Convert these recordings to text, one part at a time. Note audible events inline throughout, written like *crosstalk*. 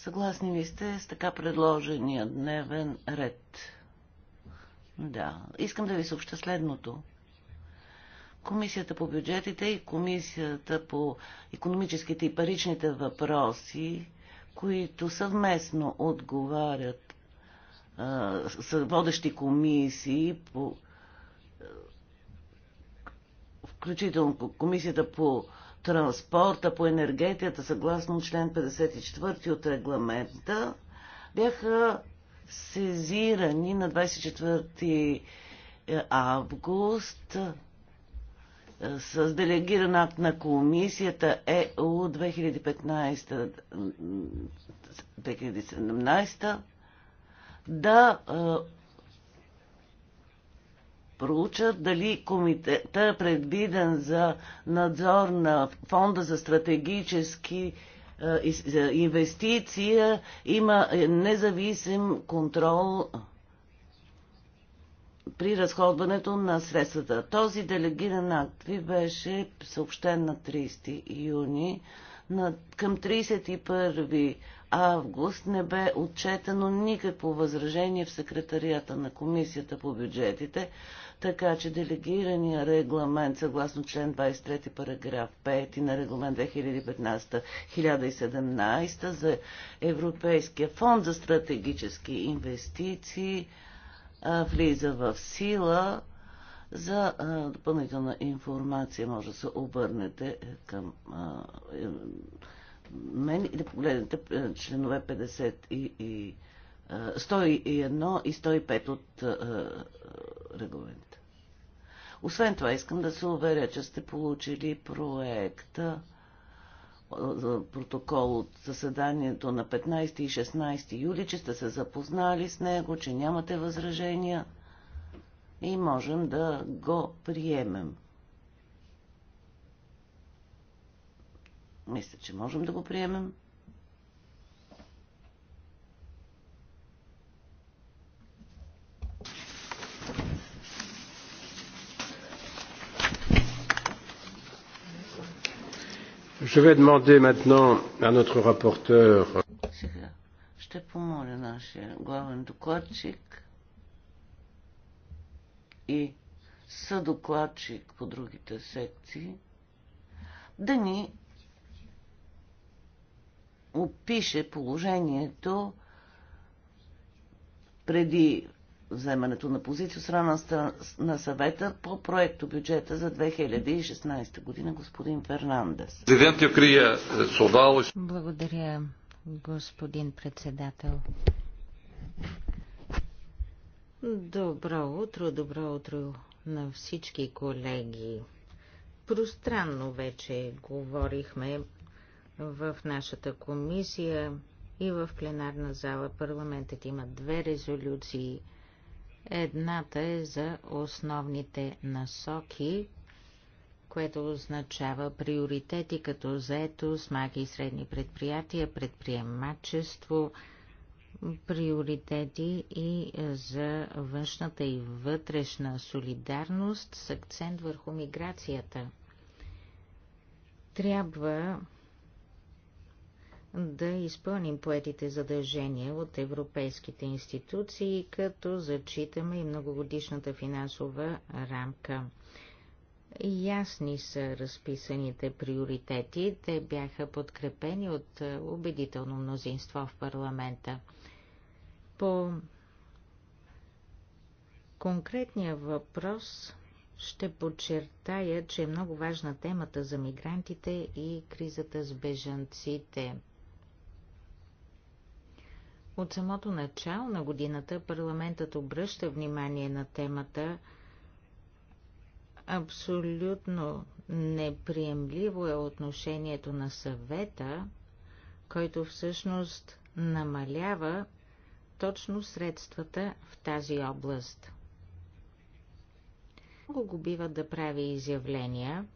Съгласни ли сте с така предложения дневен ред? Да. Искам да ви съобща следното. Комисията по бюджетите и Комисията по економическите и паричните въпроси, които съвместно отговарят а, с водещи комисии по включително Комисията по транспорта, по енергетията, съгласно член 54 от регламента, бяха сезирани на 24 е, август е, с делегиран акт на комисията ЕУ 2015-2017 да е, проучат дали комитета, е предвиден за надзор на фонда за стратегически е, за е, инвестиция, има независим контрол при разходването на средствата. Този делегиран акт ви беше съобщен на 30 юни. На, към 31 август не бе отчетено никакво възражение в секретарията на Комисията по бюджетите, така че делегирания регламент съгласно член 23 параграф 5 на регламент 2015-1017 за Европейския фонд за стратегически инвестиции влиза в сила. За допълнителна информация може да се обърнете към мен и да погледнете е, членове 50 и, и 101 е, и 105 от е, регламента. Освен това, искам да се уверя, че сте получили проекта протокол от заседанието на 15 и 16 юли, че сте се запознали с него, че нямате възражения и можем да го приемем. Мисля, че можем да го приемем. Je vais demander maintenant à notre rapporteur. Сега ще помоля нашия главен докладчик и съдокладчик по другите секции да ни опише положението преди вземането на позиция страна на съвета по проекто бюджета за 2016 година, господин Фернандес. Благодаря, господин председател. Добро утро, добро утро на всички колеги. Пространно вече говорихме в нашата комисия и в пленарна зала. Парламентът има две резолюции. Едната е за основните насоки, което означава приоритети като заето, смаки и средни предприятия, предприемачество, приоритети и за външната и вътрешна солидарност с акцент върху миграцията. Трябва да изпълним поетите задължения от европейските институции, като зачитаме и многогодишната финансова рамка. Ясни са разписаните приоритети, те бяха подкрепени от е, убедително мнозинство в парламента. По конкретния въпрос ще подчертая, че е много важна темата за мигрантите и кризата с бежанците – от самото начало на годината парламентът обръща внимание на темата. Абсолютно неприемливо е отношението на съвета, който всъщност намалява точно средствата в тази област. Много го бива да прави изявления,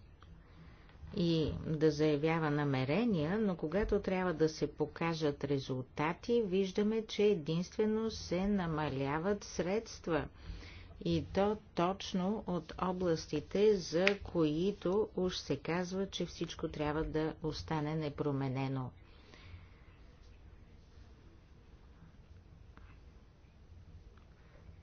и да заявява намерения, но когато трябва да се покажат резултати, виждаме, че единствено се намаляват средства. И то точно от областите, за които уж се казва, че всичко трябва да остане непроменено.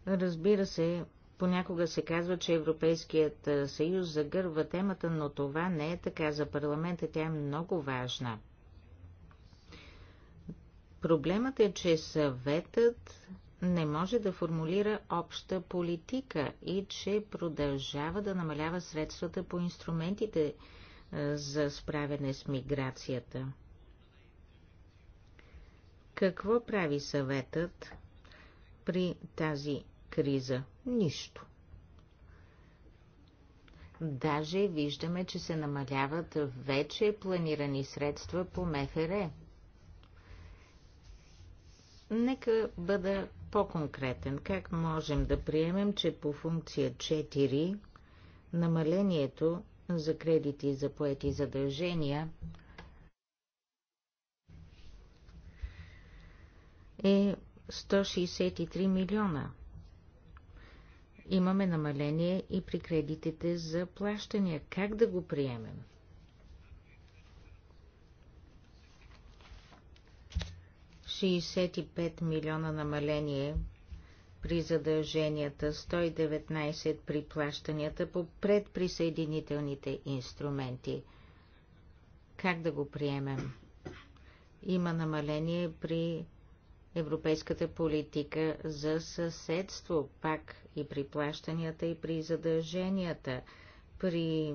Разбира се, Понякога се казва, че Европейският съюз загърва темата, но това не е така. За парламента тя е много важна. Проблемът е, че съветът не може да формулира обща политика и че продължава да намалява средствата по инструментите за справяне с миграцията. Какво прави съветът при тази криза? Нищо. Даже виждаме, че се намаляват вече планирани средства по МФР. Нека бъда по-конкретен. Как можем да приемем, че по функция 4 намалението за кредити за поети задължения е 163 милиона имаме намаление и при кредитите за плащания. Как да го приемем? ...65 милиона намаление при задълженията, 119 при плащанията по предприсъединителните инструменти. Как да го приемем? Има намаление при европейската политика за съседство, пак и при плащанията, и при задълженията, при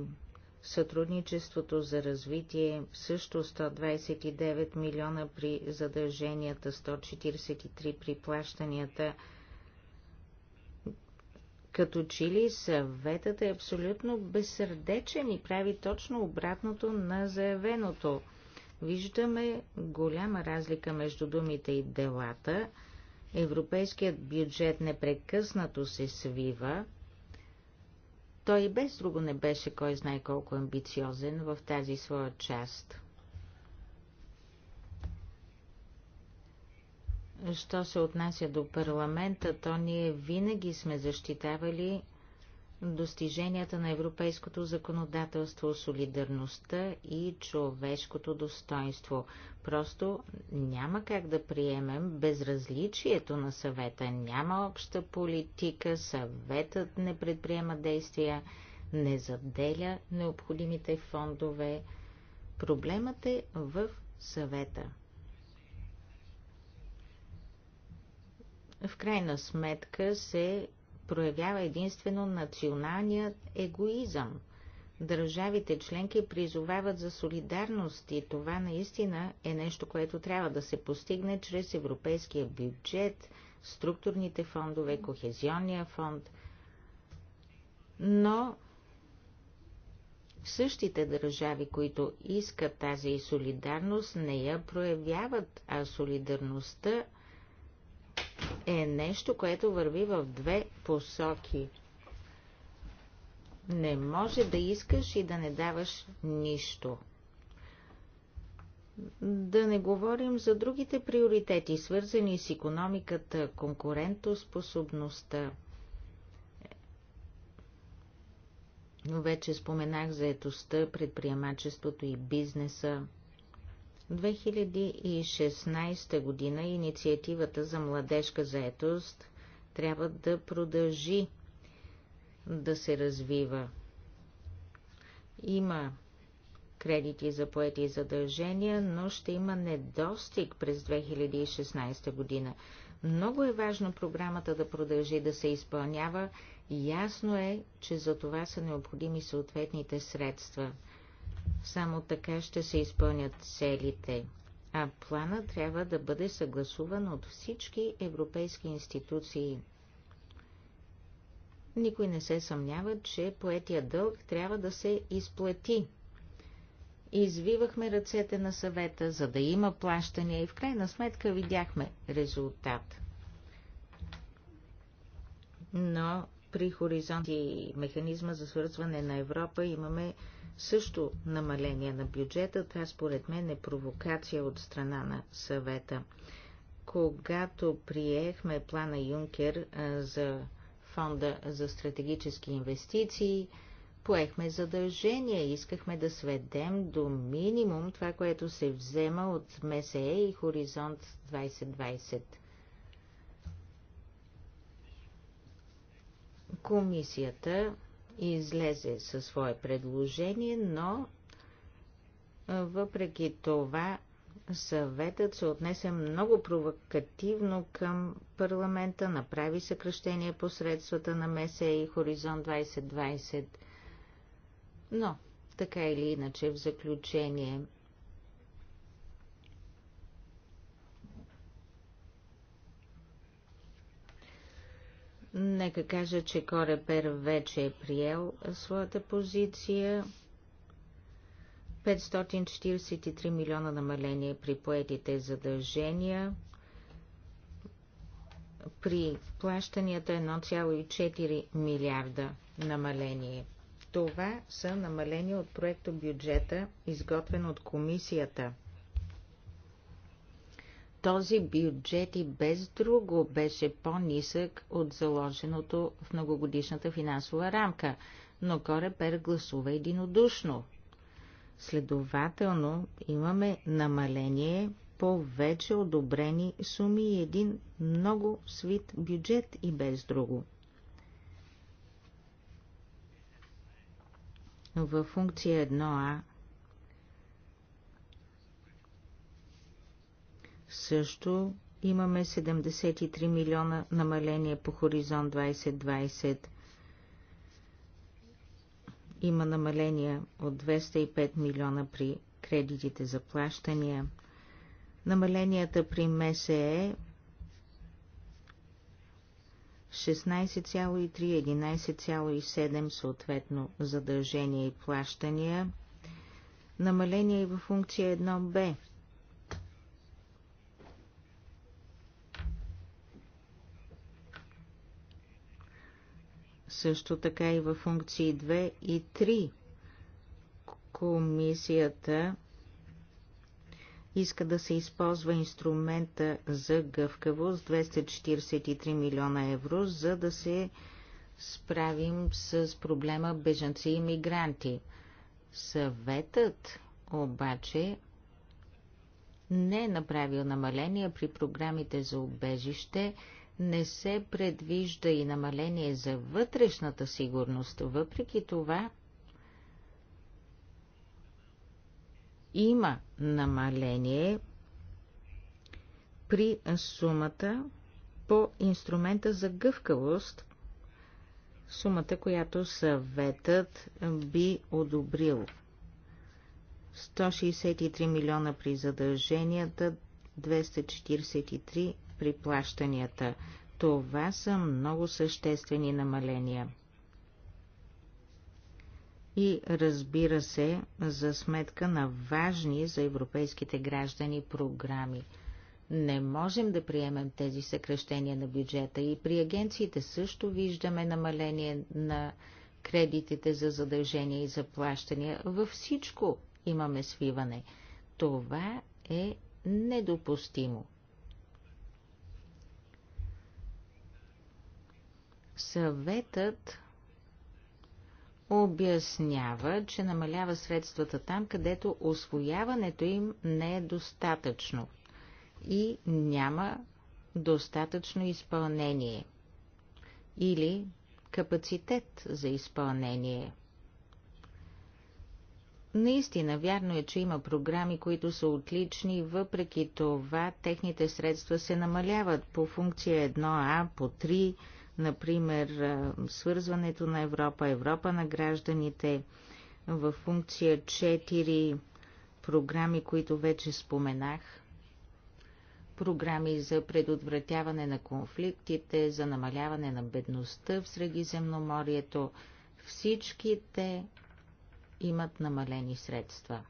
сътрудничеството за развитие също 129 милиона при задълженията, 143 при плащанията. Като че ли съветът е абсолютно безсърдечен и прави точно обратното на заявеното – Виждаме голяма разлика между думите и делата. Европейският бюджет непрекъснато се свива. Той и без друго не беше кой знае колко амбициозен в тази своя част. Що се отнася до парламента, то ние винаги сме защитавали достиженията на европейското законодателство, солидарността и човешкото достоинство. Просто няма как да приемем безразличието на съвета. Няма обща политика, съветът не предприема действия, не заделя необходимите фондове. Проблемът е в съвета. В крайна сметка се проявява единствено националният егоизъм. Държавите членки призовават за солидарност и това наистина е нещо, което трябва да се постигне чрез европейския бюджет, структурните фондове, кохезионния фонд. Но същите държави, които искат тази солидарност, не я проявяват, а солидарността е нещо, което върви в две посоки. Не може да искаш и да не даваш нищо. Да не говорим за другите приоритети, свързани с економиката, конкурентоспособността. Вече споменах за етостта, предприемачеството и бизнеса. 2016 година инициативата за младежка заетост трябва да продължи да се развива. Има кредити за поети и задължения, но ще има недостиг през 2016 година. Много е важно програмата да продължи да се изпълнява. Ясно е, че за това са необходими съответните средства – само така ще се изпълнят целите. А плана трябва да бъде съгласуван от всички европейски институции. Никой не се съмнява, че поетия дълг трябва да се изплати. Извивахме ръцете на съвета, за да има плащания и в крайна сметка видяхме резултат. Но при хоризонти механизма за свързване на Европа имаме също намаление на бюджета. Това според мен е провокация от страна на съвета. Когато приехме плана Юнкер за фонда за стратегически инвестиции, поехме задължения, искахме да сведем до минимум това, което се взема от МСЕ и Хоризонт 2020. Комисията излезе със свое предложение, но въпреки това съветът се отнесе много провокативно към парламента, направи съкръщение по средствата на МСЕ и Хоризонт 2020. Но, така или иначе, в заключение – Нека кажа, че Корепер вече е приел своята позиция. 543 милиона намаление при поетите задължения. При плащанията 1,4 милиарда намаление. Това са намаления от проекто бюджета, изготвен от комисията – този бюджет и без друго беше по-нисък от заложеното в многогодишната финансова рамка, но Корепер гласува единодушно. Следователно имаме намаление по вече одобрени суми и един много свит бюджет и без друго. Във функция 1А също имаме 73 милиона намаление по Хоризонт 2020. Има намаление от 205 милиона при кредитите за плащания. Намаленията при МСЕ 16,3, 11,7 съответно задължения и плащания. Намаление и във функция 1Б също така и във функции 2 и 3. Комисията иска да се използва инструмента за гъвкавост 243 милиона евро, за да се справим с проблема бежанци и мигранти. Съветът обаче не е направил намаления при програмите за убежище, не се предвижда и намаление за вътрешната сигурност. Въпреки това има намаление при сумата по инструмента за гъвкавост, сумата, която съветът би одобрил. 163 милиона при задълженията, 243 при плащанията. Това са много съществени намаления. И разбира се, за сметка на важни за европейските граждани програми. Не можем да приемем тези съкрещения на бюджета и при агенциите също виждаме намаление на кредитите за задължения и заплащания. Във всичко имаме свиване. Това е недопустимо. Съветът обяснява, че намалява средствата там, където освояването им не е достатъчно и няма достатъчно изпълнение или капацитет за изпълнение. Наистина, вярно е, че има програми, които са отлични, въпреки това техните средства се намаляват по функция 1А, по 3, например свързването на Европа, Европа на гражданите, в функция 4 програми, които вече споменах, програми за предотвратяване на конфликтите, за намаляване на бедността в Средиземноморието, Всичките имат намалени средства.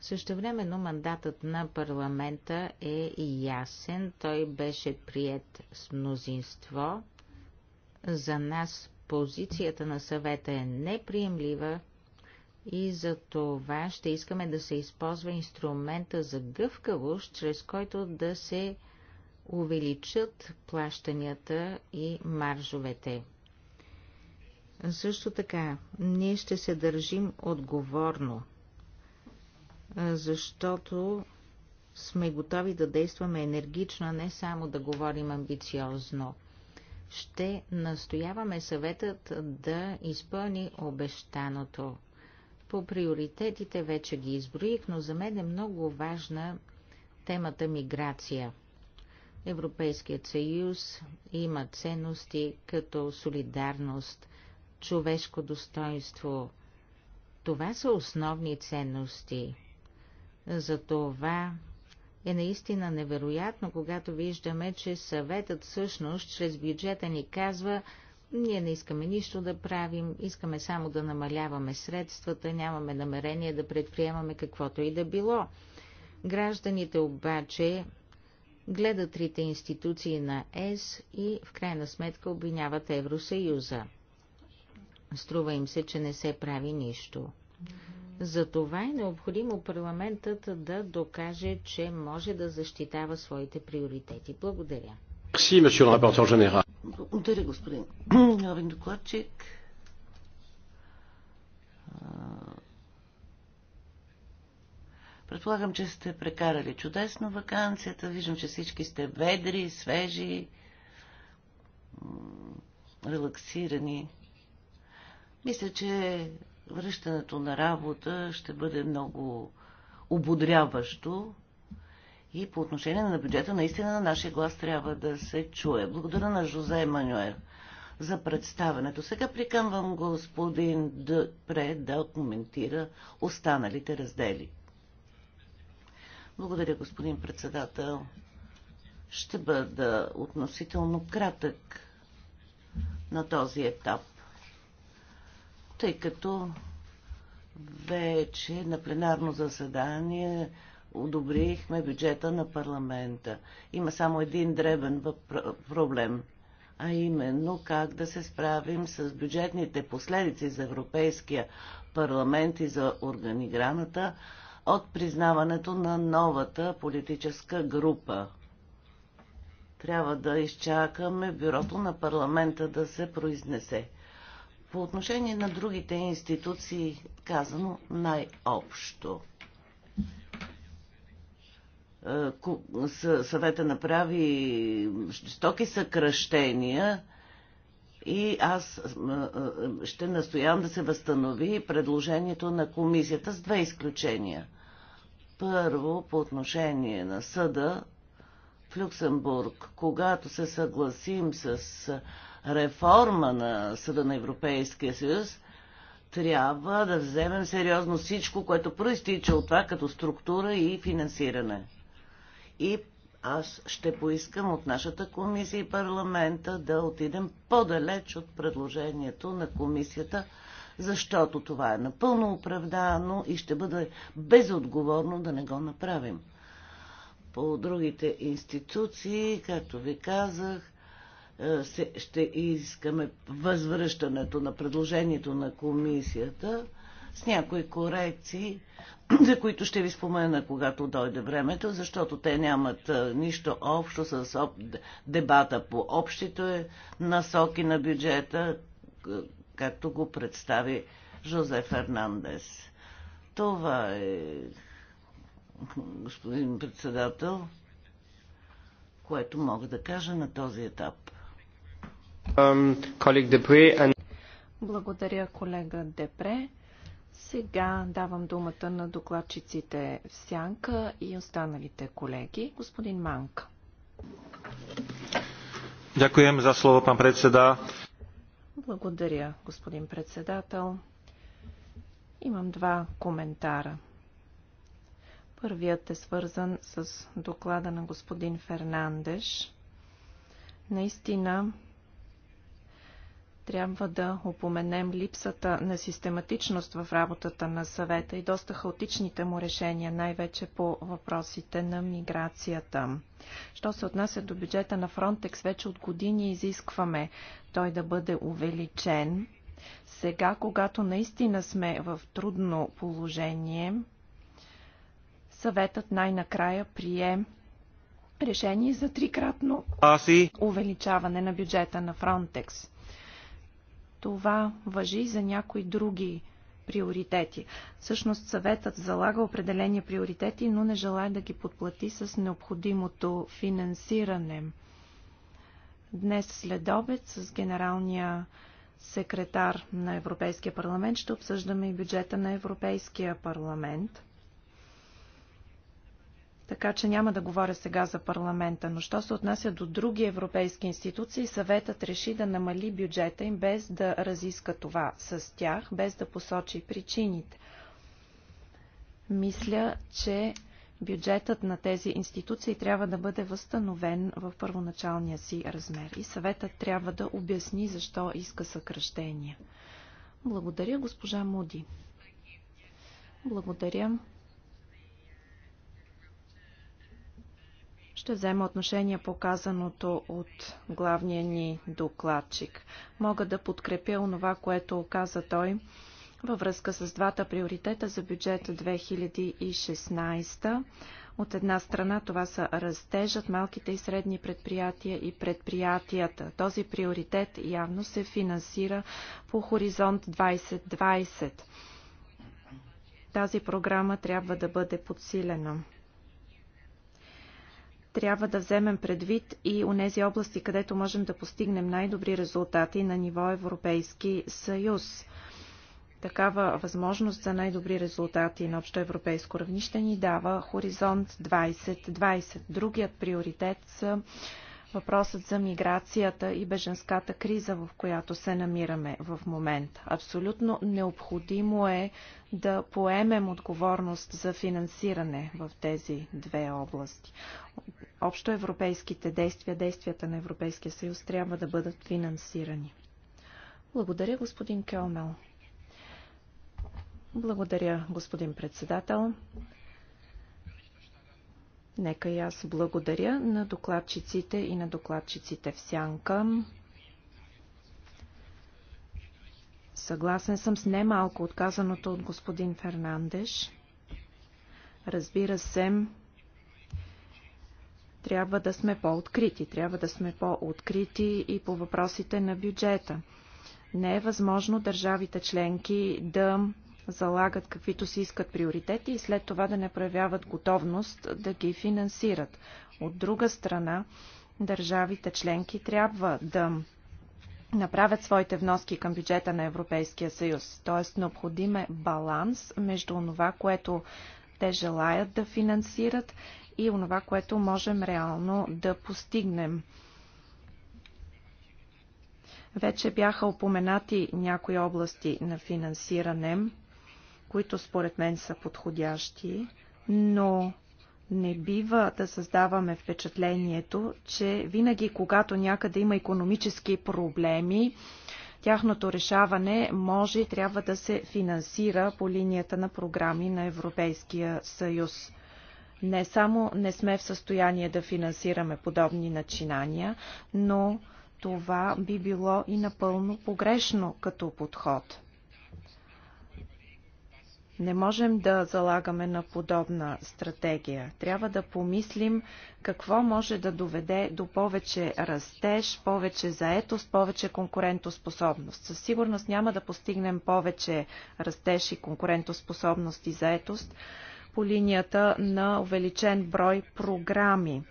Същевременно мандатът на парламента е ясен. Той беше прият с мнозинство. За нас позицията на съвета е неприемлива и за това ще искаме да се използва инструмента за гъвкавост, чрез който да се увеличат плащанията и маржовете. Също така, ние ще се държим отговорно защото сме готови да действаме енергично, не само да говорим амбициозно. Ще настояваме съветът да изпълни обещаното. По приоритетите вече ги изброих, но за мен е много важна темата миграция. Европейският съюз има ценности като солидарност, човешко достоинство. Това са основни ценности затова е наистина невероятно, когато виждаме, че съветът всъщност чрез бюджета ни казва, ние не искаме нищо да правим, искаме само да намаляваме средствата, нямаме намерение да предприемаме каквото и да било. Гражданите обаче гледат трите институции на ЕС и в крайна сметка обвиняват Евросъюза. Струва им се, че не се прави нищо. Затова е необходимо парламентът да докаже, че може да защитава своите приоритети. Благодаря. Благодаря, господин главен докладчик. Предполагам, че сте прекарали чудесно вакансията. Виждам, че всички сте ведри, свежи, релаксирани. Мисля, че връщането на работа ще бъде много ободряващо и по отношение на бюджета наистина на нашия глас трябва да се чуе. Благодаря на Жозе Емануел за представенето. Сега приканвам господин Дпре да коментира останалите раздели. Благодаря, господин председател. Ще бъда относително кратък на този етап тъй като вече на пленарно заседание одобрихме бюджета на парламента. Има само един дребен проблем, а именно как да се справим с бюджетните последици за Европейския парламент и за органиграмата от признаването на новата политическа група. Трябва да изчакаме бюрото на парламента да се произнесе. По отношение на другите институции, казано най-общо. Е, съвета направи стоки съкръщения и аз е, ще настоявам да се възстанови предложението на комисията с две изключения. Първо, по отношение на съда в Люксембург, когато се съгласим с реформа на Съда на Европейския съюз, трябва да вземем сериозно всичко, което проистича от това като структура и финансиране. И аз ще поискам от нашата комисия и парламента да отидем по-далеч от предложението на комисията, защото това е напълно оправдано и ще бъде безотговорно да не го направим. По другите институции, както ви казах, е, се, ще искаме възвръщането на предложението на комисията с някои корекции, *clears throat* за които ще ви спомена, когато дойде времето, защото те нямат е, нищо общо с дебата по общите насоки на бюджета, е, както го представи Жозе Фернандес. Това е, господин председател, което мога да кажа на този етап. Um, Благодаря, колега Депре. Сега давам думата на докладчиците в Сянка и останалите колеги. Господин Манка. Дякуем за слово, пан председа. Благодаря, господин председател. Имам два коментара. Първият е свързан с доклада на господин Фернандеш. Наистина, трябва да опоменем липсата на систематичност в работата на съвета и доста хаотичните му решения, най-вече по въпросите на миграцията. Що се отнася до бюджета на Фронтекс, вече от години изискваме той да бъде увеличен. Сега, когато наистина сме в трудно положение, съветът най-накрая прие решение за трикратно увеличаване на бюджета на Фронтекс. Това въжи и за някои други приоритети. Всъщност съветът залага определени приоритети, но не желая да ги подплати с необходимото финансиране. Днес след обед с генералния секретар на Европейския парламент ще обсъждаме и бюджета на Европейския парламент така че няма да говоря сега за парламента, но що се отнася до други европейски институции, съветът реши да намали бюджета им без да разиска това с тях, без да посочи причините. Мисля, че бюджетът на тези институции трябва да бъде възстановен в първоначалния си размер и съветът трябва да обясни защо иска съкръщения. Благодаря, госпожа Муди. Благодаря. Ще взема отношение по казаното от главния ни докладчик. Мога да подкрепя онова, което каза той във връзка с двата приоритета за бюджет 2016. От една страна това са растежът, малките и средни предприятия и предприятията. Този приоритет явно се финансира по хоризонт 2020. Тази програма трябва да бъде подсилена трябва да вземем предвид и у нези области, където можем да постигнем най-добри резултати на ниво Европейски съюз. Такава възможност за най-добри резултати на общо европейско равнище ни дава Хоризонт 2020. Другият приоритет са въпросът за миграцията и беженската криза, в която се намираме в момента. Абсолютно необходимо е да поемем отговорност за финансиране в тези две области. Общо европейските действия, действията на Европейския съюз трябва да бъдат финансирани. Благодаря, господин Келмел. Благодаря, господин председател. Нека и аз благодаря на докладчиците и на докладчиците в сянка. Съгласен съм с немалко отказаното от господин Фернандеш. Разбира се, трябва да сме по-открити. Трябва да сме по-открити и по въпросите на бюджета. Не е възможно държавите членки да залагат каквито си искат приоритети и след това да не проявяват готовност да ги финансират. От друга страна, държавите членки трябва да направят своите вноски към бюджета на Европейския съюз. Тоест, необходим е баланс между това, което те желаят да финансират и това, което можем реално да постигнем. Вече бяха упоменати някои области на финансиране които според мен са подходящи, но не бива да създаваме впечатлението, че винаги, когато някъде има економически проблеми, тяхното решаване може и трябва да се финансира по линията на програми на Европейския съюз. Не само не сме в състояние да финансираме подобни начинания, но това би било и напълно погрешно като подход. Не можем да залагаме на подобна стратегия. Трябва да помислим какво може да доведе до повече растеж, повече заетост, повече конкурентоспособност. Със сигурност няма да постигнем повече растеж и конкурентоспособност и заетост по линията на увеличен брой програми.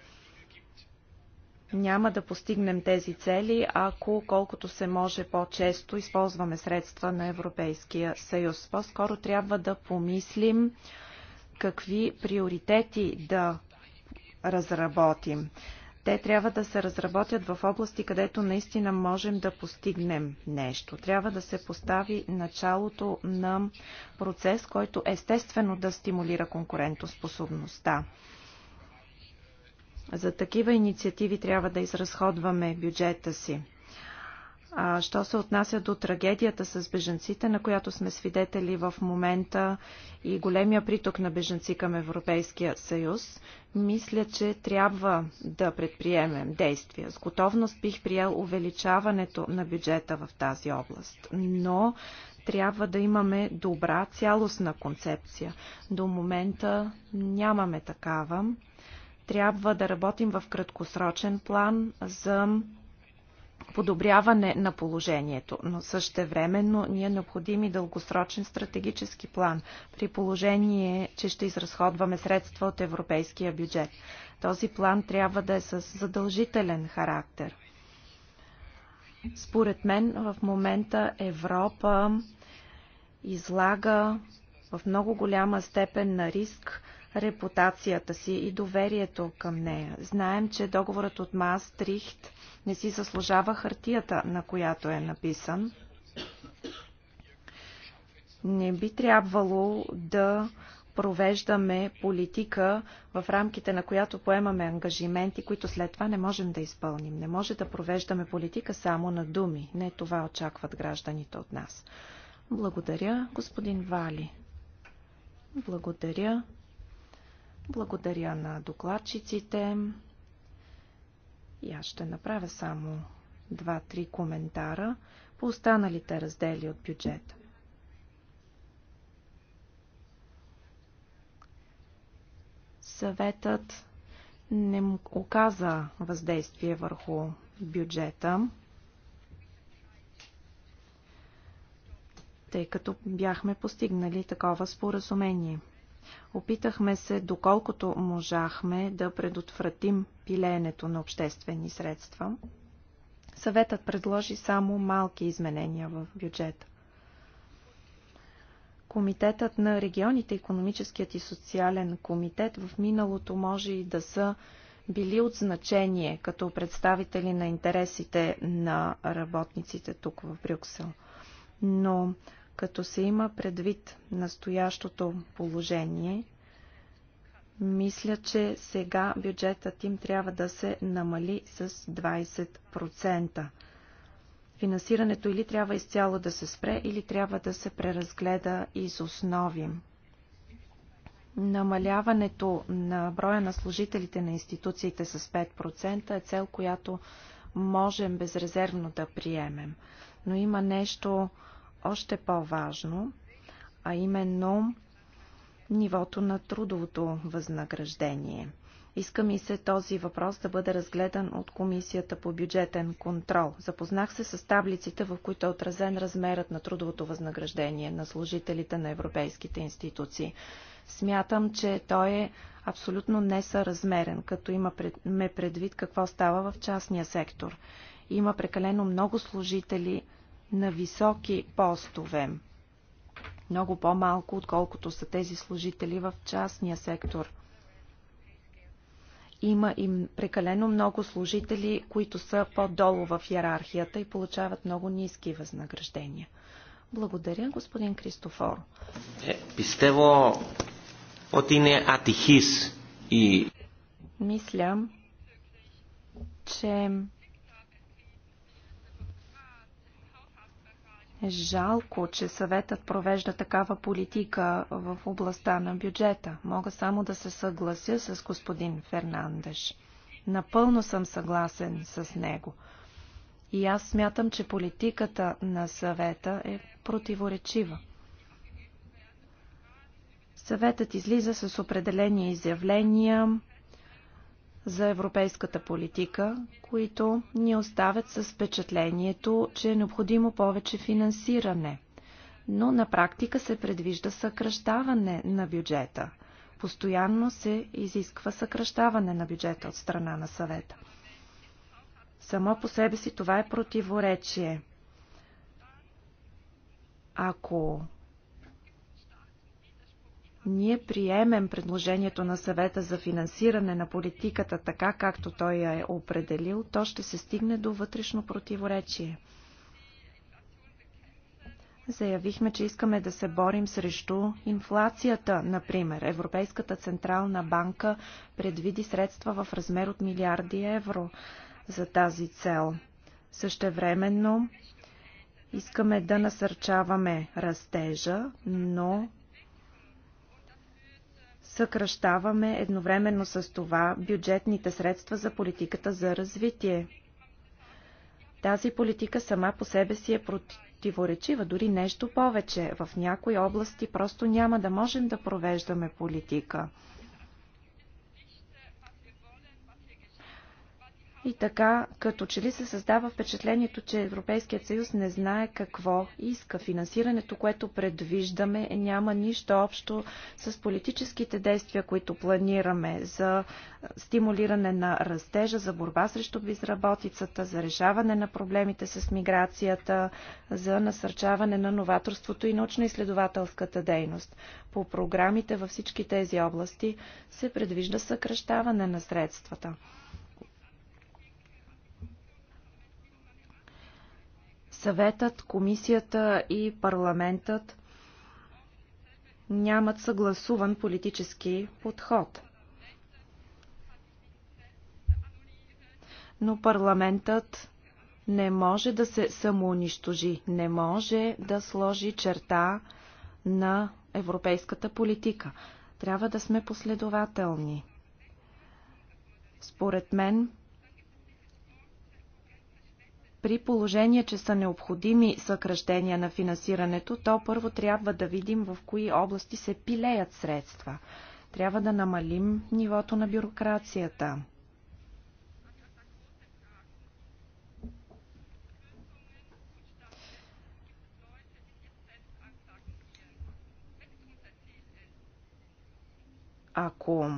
Няма да постигнем тези цели, ако колкото се може по-често използваме средства на Европейския съюз. По-скоро трябва да помислим какви приоритети да разработим. Те трябва да се разработят в области, където наистина можем да постигнем нещо. Трябва да се постави началото на процес, който естествено да стимулира конкурентоспособността. За такива инициативи трябва да изразходваме бюджета си. А, що се отнася до трагедията с беженците, на която сме свидетели в момента и големия приток на беженци към Европейския съюз, мисля, че трябва да предприемем действия. С готовност бих приел увеличаването на бюджета в тази област, но трябва да имаме добра цялостна концепция. До момента нямаме такава. Трябва да работим в краткосрочен план за подобряване на положението, но същевременно ни е необходим и дългосрочен стратегически план, при положение, че ще изразходваме средства от европейския бюджет. Този план трябва да е с задължителен характер. Според мен в момента Европа излага в много голяма степен на риск репутацията си и доверието към нея. Знаем, че договорът от Маастрихт не си заслужава хартията, на която е написан. Не би трябвало да провеждаме политика, в рамките на която поемаме ангажименти, които след това не можем да изпълним. Не може да провеждаме политика само на думи. Не това очакват гражданите от нас. Благодаря, господин Вали. Благодаря. Благодаря на докладчиците. И аз ще направя само два-три коментара по останалите раздели от бюджета. Съветът не оказа въздействие върху бюджета, тъй като бяхме постигнали такова споразумение. Опитахме се, доколкото можахме, да предотвратим пилеенето на обществени средства. Съветът предложи само малки изменения в бюджета. Комитетът на регионите, економическият и социален комитет в миналото може и да са били от значение като представители на интересите на работниците тук в Брюксел. Но като се има предвид настоящото положение, мисля, че сега бюджетът им трябва да се намали с 20%. Финансирането или трябва изцяло да се спре, или трябва да се преразгледа из основи. Намаляването на броя на служителите на институциите с 5% е цел, която можем безрезервно да приемем. Но има нещо още по-важно, а именно нивото на трудовото възнаграждение. Иска ми се този въпрос да бъде разгледан от Комисията по бюджетен контрол. Запознах се с таблиците, в които е отразен размерът на трудовото възнаграждение на служителите на европейските институции. Смятам, че той е абсолютно несъразмерен, като има пред, ме предвид какво става в частния сектор. Има прекалено много служители, на високи постове. Много по-малко, отколкото са тези служители в частния сектор. Има им прекалено много служители, които са по-долу в иерархията и получават много ниски възнаграждения. Благодаря, господин Кристофор. пистево от ине атихис и... Мисля, че Жалко, че съветът провежда такава политика в областта на бюджета. Мога само да се съглася с господин Фернандеш. Напълно съм съгласен с него. И аз смятам, че политиката на съвета е противоречива. Съветът излиза с определени изявления, за европейската политика, които ни оставят с впечатлението, че е необходимо повече финансиране. Но на практика се предвижда съкръщаване на бюджета. Постоянно се изисква съкръщаване на бюджета от страна на съвета. Само по себе си това е противоречие. Ако ние приемем предложението на съвета за финансиране на политиката така, както той я е определил, то ще се стигне до вътрешно противоречие. Заявихме, че искаме да се борим срещу инфлацията, например. Европейската централна банка предвиди средства в размер от милиарди евро за тази цел. Същевременно искаме да насърчаваме растежа, но съкръщаваме едновременно с това бюджетните средства за политиката за развитие. Тази политика сама по себе си е противоречива, дори нещо повече. В някои области просто няма да можем да провеждаме политика. И така, като че ли се създава впечатлението, че Европейският съюз не знае какво иска. Финансирането, което предвиждаме, няма нищо общо с политическите действия, които планираме за стимулиране на растежа, за борба срещу безработицата, за решаване на проблемите с миграцията, за насърчаване на новаторството и научно-изследователската дейност. По програмите във всички тези области се предвижда съкръщаване на средствата. Съветът, комисията и парламентът нямат съгласуван политически подход. Но парламентът не може да се самоунищожи, не може да сложи черта на европейската политика. Трябва да сме последователни. Според мен, при положение, че са необходими съкръщения на финансирането, то първо трябва да видим в кои области се пилеят средства. Трябва да намалим нивото на бюрокрацията. Ако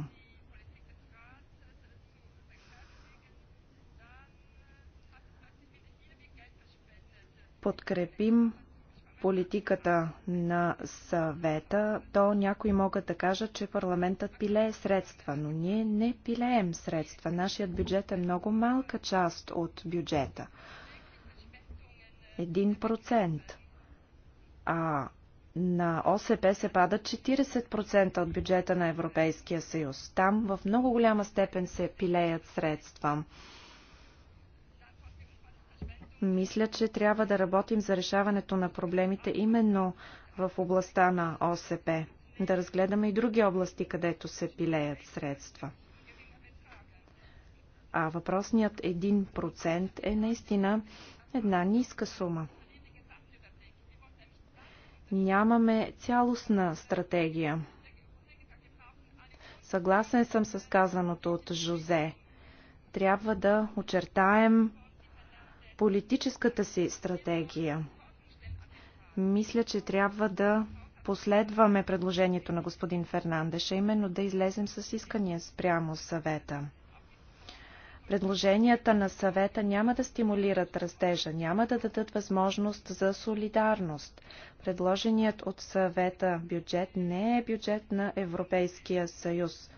подкрепим политиката на съвета, то някои могат да кажат, че парламентът пилее средства, но ние не пилеем средства. Нашият бюджет е много малка част от бюджета. Един процент. А на ОСП се пада 40% от бюджета на Европейския съюз. Там в много голяма степен се пилеят средства. Мисля, че трябва да работим за решаването на проблемите именно в областта на ОСП. Да разгледаме и други области, където се пилеят средства. А въпросният 1% е наистина една ниска сума. Нямаме цялостна стратегия. Съгласен съм с казаното от Жозе. Трябва да очертаем политическата си стратегия. Мисля, че трябва да последваме предложението на господин Фернандеш, а именно да излезем с искания спрямо съвета. Предложенията на съвета няма да стимулират растежа, няма да дадат възможност за солидарност. Предложеният от съвета бюджет не е бюджет на Европейския съюз.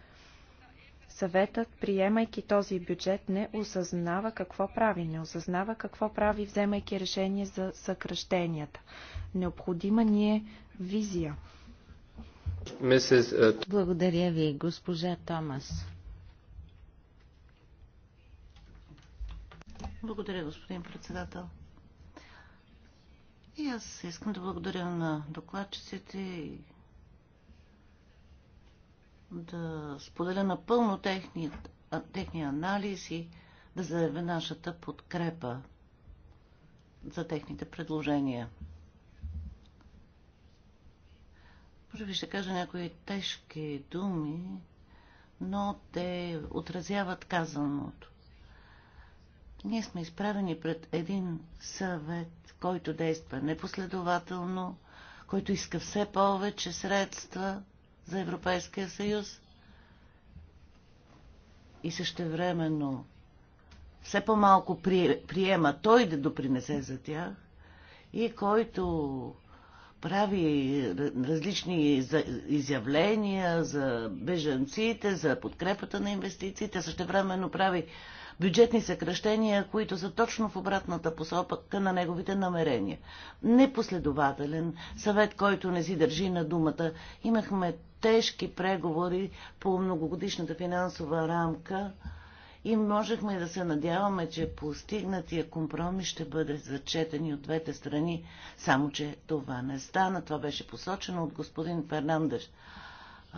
Съветът, приемайки този бюджет, не осъзнава какво прави, не осъзнава какво прави, вземайки решение за съкръщенията. Необходима ни е визия. Е, благодаря ви, госпожа Томас. Благодаря, господин председател. И аз искам да благодаря на докладчиците и да споделя напълно техния, техния анализ и да заявя нашата подкрепа за техните предложения. Може би ще кажа някои тежки думи, но те отразяват казаното. Ние сме изправени пред един съвет, който действа непоследователно, който иска все повече средства, за Европейския съюз и същевременно все по-малко приема той да допринесе за тях и който прави различни изявления за бежанците, за подкрепата на инвестициите, същевременно прави бюджетни съкръщения, които са точно в обратната посока на неговите намерения. Непоследователен съвет, който не си държи на думата. Имахме тежки преговори по многогодишната финансова рамка и можехме да се надяваме, че постигнатия компромис ще бъде зачетен и от двете страни, само че това не стана. Това беше посочено от господин Фернандеш.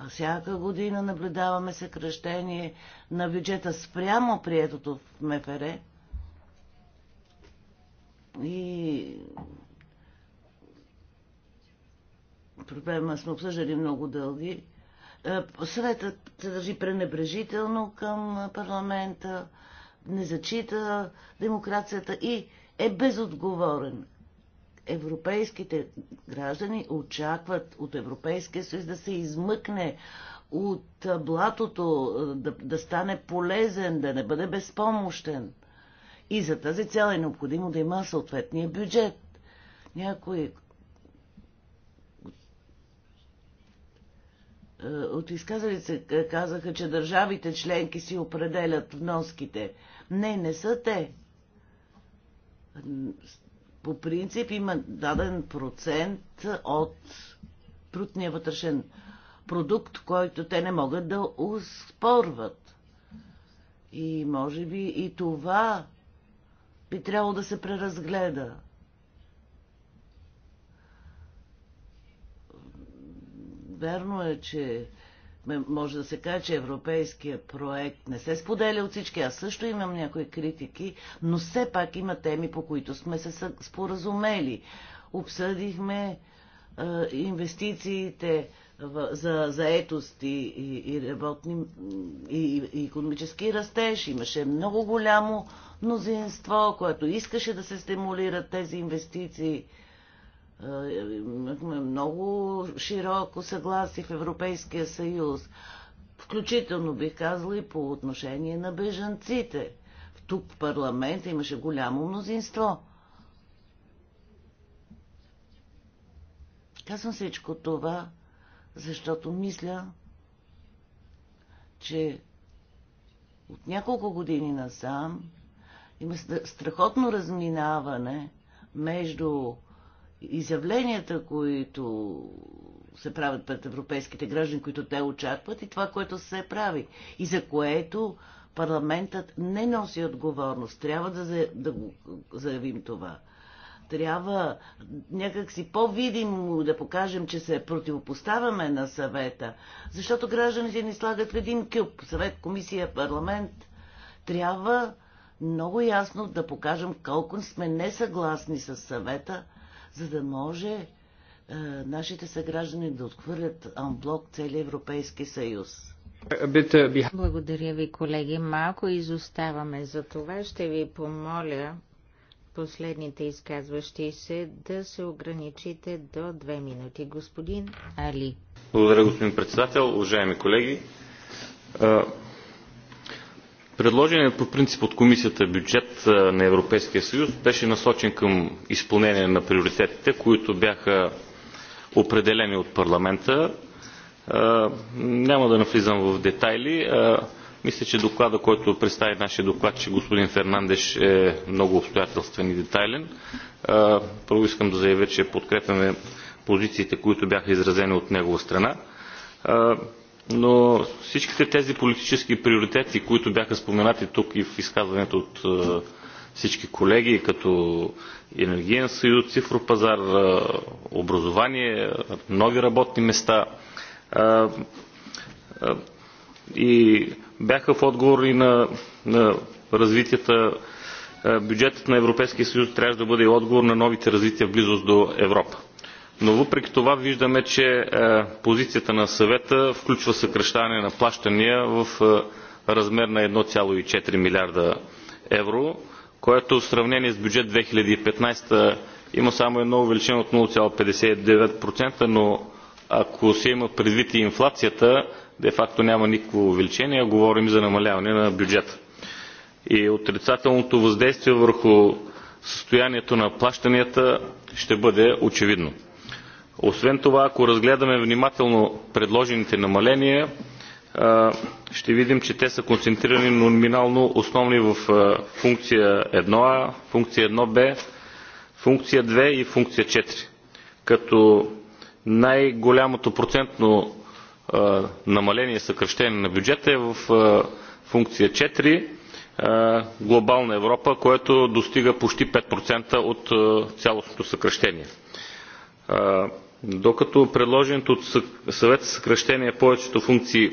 Всяка година наблюдаваме съкръщение на бюджета спрямо приетото в МФР. И проблема сме обсъждали много дълги. Е, съветът се държи пренебрежително към парламента, не зачита демокрацията и е безотговорен. Европейските граждани очакват от Европейския съюз да се измъкне от блатото, е, да, да стане полезен, да не бъде безпомощен. И за тази цел е необходимо да има съответния бюджет. Някои Е, от се е, казаха, че държавите членки си определят вноските. Не, не са те. По принцип има даден процент от брутния вътрешен продукт, който те не могат да успорват. И може би и това би трябвало да се преразгледа. Верно е, че може да се каже, че европейския проект не се споделя от всички. Аз също имам някои критики, но все пак има теми, по които сме се споразумели. Обсъдихме е, инвестициите в, за заетост и, и, и работни и, и економически растеж. Имаше много голямо мнозинство, което искаше да се стимулират тези инвестиции. Е, имахме много широко съгласие в Европейския съюз, включително бих казала и по отношение на бежанците. Тук в парламента имаше голямо мнозинство. Казвам всичко това, защото мисля, че от няколко години насам има страхотно разминаване между изявленията, които се правят пред европейските граждани, които те очакват и това, което се прави. И за което парламентът не носи отговорност. Трябва да, да го заявим това. Трябва някакси по-видимо да покажем, че се противопоставяме на съвета, защото гражданите ни слагат в един кюб. Съвет, комисия, парламент. Трябва много ясно да покажем колко сме несъгласни с съвета за да може е, нашите съграждани да отхвърлят анблок цели Европейски съюз. Uh, Благодаря ви, колеги. Малко изоставаме. За това ще ви помоля последните изказващи се да се ограничите до две минути. Господин Али. Благодаря, господин председател. Уважаеми колеги, Предложеният по принцип от комисията бюджет на Европейския съюз беше насочен към изпълнение на приоритетите, които бяха определени от парламента. Няма да навлизам в детайли. Мисля, че доклада, който представи нашия доклад, че господин Фернандеш е много обстоятелствен и детайлен. Първо искам да заявя, че подкрепяме позициите, които бяха изразени от негова страна но всичките тези политически приоритети, които бяха споменати тук и в изказването от е, всички колеги, като енергиен съюз, цифров пазар, е, образование, нови работни места. Е, и бяха в отговор и на, на развитията. Бюджетът на Европейския съюз трябва да бъде и отговор на новите развития в близост до Европа но въпреки това виждаме, че е, позицията на съвета включва съкрещане на плащания в е, размер на 1,4 милиарда евро, което в сравнение с бюджет 2015 има само едно увеличение от 0,59%, но ако се има предвид и инфлацията, де-факто няма никакво увеличение, а говорим за намаляване на бюджета. И отрицателното въздействие върху състоянието на плащанията ще бъде очевидно. Освен това, ако разгледаме внимателно предложените намаления, ще видим, че те са концентрирани номинално основни в функция 1А, функция 1Б, функция 2 и функция 4. Като най-голямото процентно намаление съкръщение на бюджета е в функция 4 глобална Европа, което достига почти 5% от цялостното съкръщение. Докато предложението от съвет съкръщение повечето функции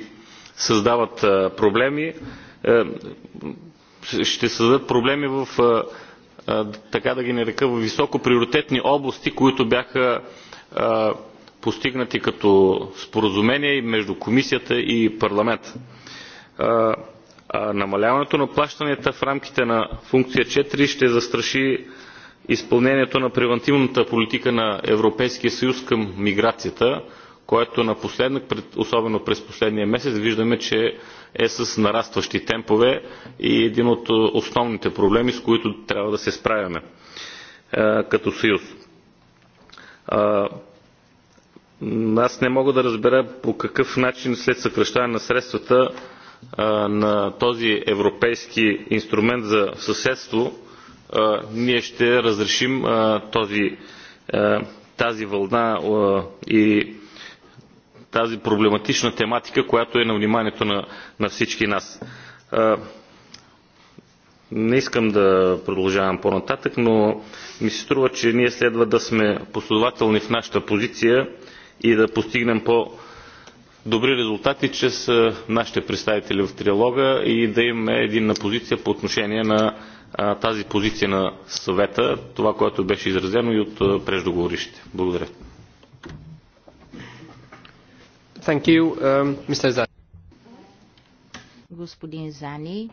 създават проблеми, е, ще създадат проблеми в, така да ги нарека, в високоприоритетни области, които бяха постигнати като споразумение между комисията и парламент. Намаляването на плащанията в рамките на функция 4 ще застраши изпълнението на превантивната политика на Европейския съюз към миграцията, което напоследък, особено през последния месец, виждаме, че е с нарастващи темпове и един от основните проблеми, с които трябва да се справяме като съюз. Аз не мога да разбера по какъв начин след съкръщаване на средствата на този европейски инструмент за съседство ние ще разрешим този, тази вълна и тази проблематична тематика, която е на вниманието на, на всички нас. Не искам да продължавам по-нататък, но ми се струва, че ние следва да сме последователни в нашата позиция и да постигнем по- добри резултати чрез нашите представители в триалога и да имаме единна позиция по отношение на тази позиция на съвета, това, което беше изразено и от преждоговорищите. Благодаря. Thank you, um, Mr. Zani. Господин Зани.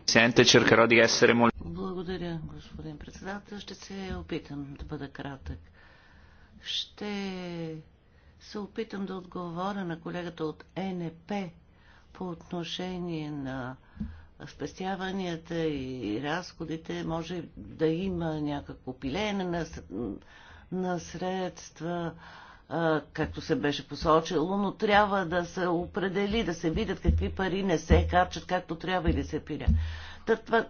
Благодаря, господин председател. Ще се опитам да бъда кратък. Ще се опитам да отговоря на колегата от НП по отношение на спестяванията и разходите. Може да има някакво пилеене на, на средства, както се беше посочило, но трябва да се определи, да се видят какви пари не се харчат както трябва и да се пилят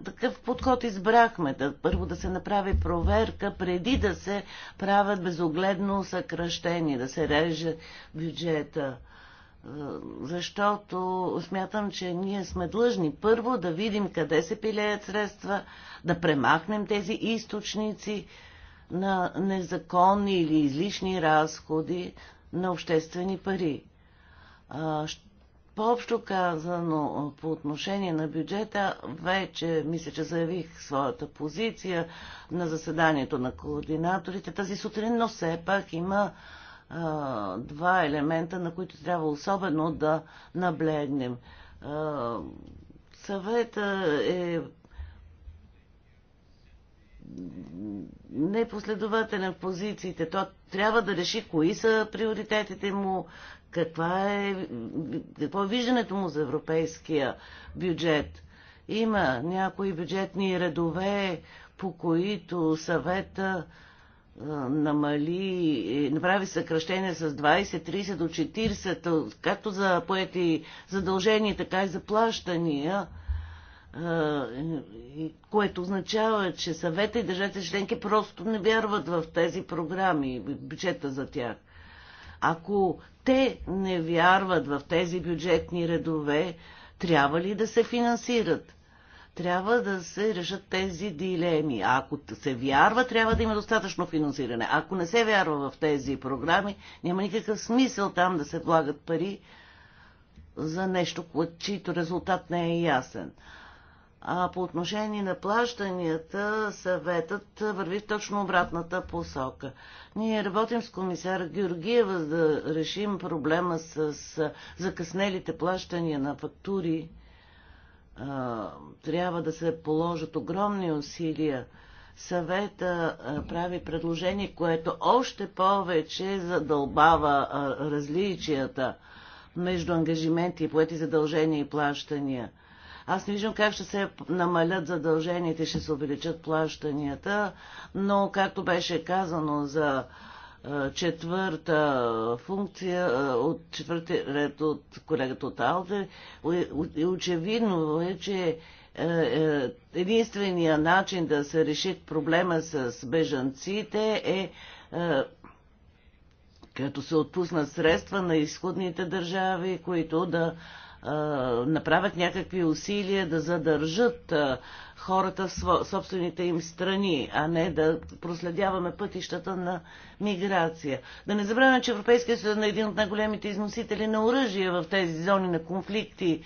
такъв подход избрахме. Да, първо да се направи проверка преди да се правят безогледно съкръщени, да се реже бюджета. Е, защото смятам, че ние сме длъжни първо да видим къде се пилеят средства, да премахнем тези източници на незаконни или излишни разходи на обществени пари. По-общо казано, по отношение на бюджета, вече мисля, че заявих своята позиция на заседанието на координаторите тази сутрин, но все пак има а, два елемента, на които трябва особено да наблегнем. А, съвета е непоследователен в позициите. То трябва да реши кои са приоритетите му, каква е, какво е виждането му за европейския бюджет. Има някои бюджетни редове, по които съвета намали, направи съкръщение с 20, 30 до 40, както за поети задължения, така и за плащания, което означава, че съвета и държавите членки просто не вярват в тези програми, бюджета за тях. Ако те не вярват в тези бюджетни редове, трябва ли да се финансират? Трябва да се решат тези дилеми. А ако се вярва, трябва да има достатъчно финансиране. Ако не се вярва в тези програми, няма никакъв смисъл там да се влагат пари за нещо, чийто резултат не е ясен. А по отношение на плащанията, съветът върви в точно обратната посока. Ние работим с комисар Георгиева да решим проблема с закъснелите плащания на фактури. Трябва да се положат огромни усилия. Съвета прави предложение, което още повече задълбава различията между ангажименти, поети задължения и плащания – аз не виждам как ще се намалят задълженията, ще се увеличат плащанията, но както беше казано за четвърта функция от четвърти ред от колегата от Алде, очевидно е, че е, е, единствения начин да се реши проблема с бежанците е, е като се отпуснат средства на изходните държави, които да направят някакви усилия да задържат хората в собствените им страни, а не да проследяваме пътищата на миграция. Да не забравяме, че Европейския съюз е един от най-големите износители на оръжие в тези зони на конфликти.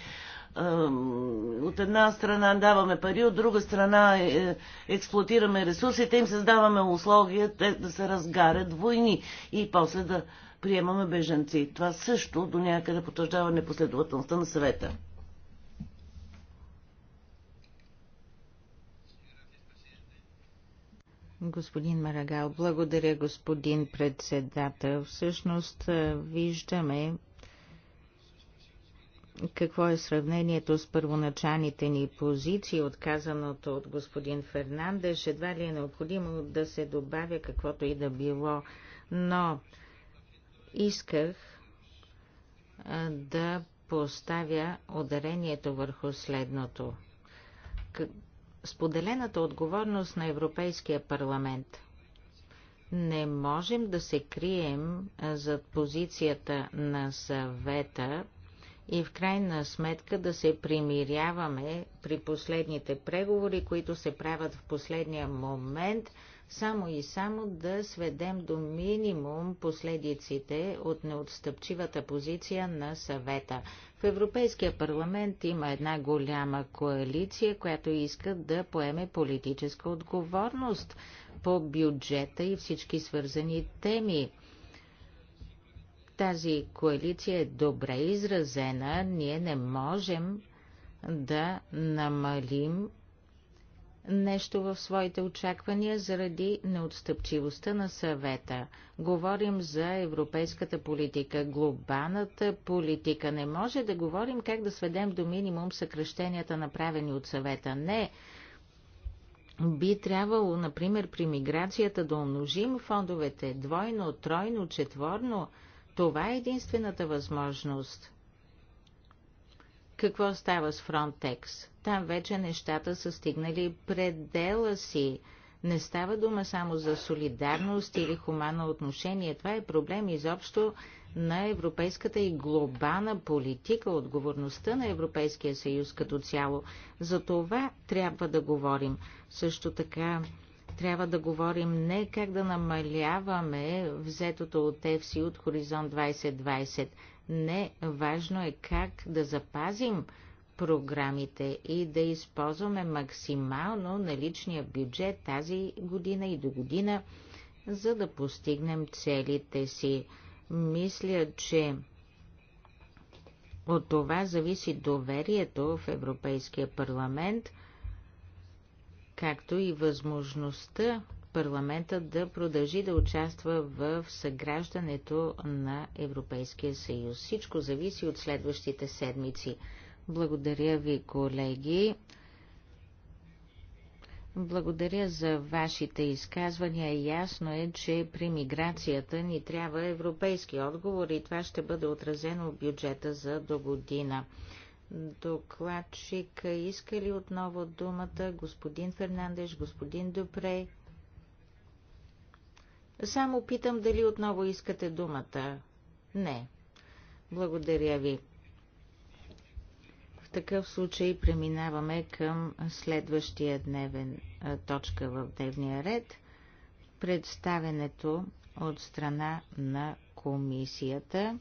От една страна даваме пари, от друга страна е, експлуатираме ресурсите, им създаваме условия те да се разгарят войни и после да приемаме бежанци. Това също до някъде потвърждава непоследователността на съвета. Господин Марагал, благодаря, господин председател. Всъщност виждаме какво е сравнението с първоначалните ни позиции, отказаното от господин Фернандеш. Едва ли е необходимо да се добавя каквото и да било. Но Исках да поставя ударението върху следното. Споделената отговорност на Европейския парламент. Не можем да се крием зад позицията на съвета и в крайна сметка да се примиряваме при последните преговори, които се правят в последния момент – само и само да сведем до минимум последиците от неотстъпчивата позиция на съвета. В Европейския парламент има една голяма коалиция, която иска да поеме политическа отговорност по бюджета и всички свързани теми. Тази коалиция е добре изразена, ние не можем да намалим нещо в своите очаквания заради неотстъпчивостта на съвета. Говорим за европейската политика, глобалната политика. Не може да говорим как да сведем до минимум съкръщенията направени от съвета. Не. Би трябвало, например, при миграцията да умножим фондовете двойно, тройно, четворно. Това е единствената възможност. Какво става с Frontex? Там вече нещата са стигнали предела си. Не става дума само за солидарност или хумано отношение. Това е проблем изобщо на европейската и глобална политика, отговорността на Европейския съюз като цяло. За това трябва да говорим. Също така трябва да говорим не как да намаляваме взетото от ЕФСИ от Хоризонт 2020, не, важно е как да запазим програмите и да използваме максимално наличния бюджет тази година и до година, за да постигнем целите си. Мисля, че от това зависи доверието в Европейския парламент, както и възможността Парламентът да продължи да участва в съграждането на Европейския съюз. Всичко зависи от следващите седмици. Благодаря ви, колеги. Благодаря за вашите изказвания. Ясно е, че при миграцията ни трябва европейски отговор и това ще бъде отразено в бюджета за до година. Докладчик иска ли отново думата господин Фернандеш, господин Допре? Само питам дали отново искате думата. Не. Благодаря ви. В такъв случай преминаваме към следващия дневен точка в дневния ред. Представенето от страна на комисията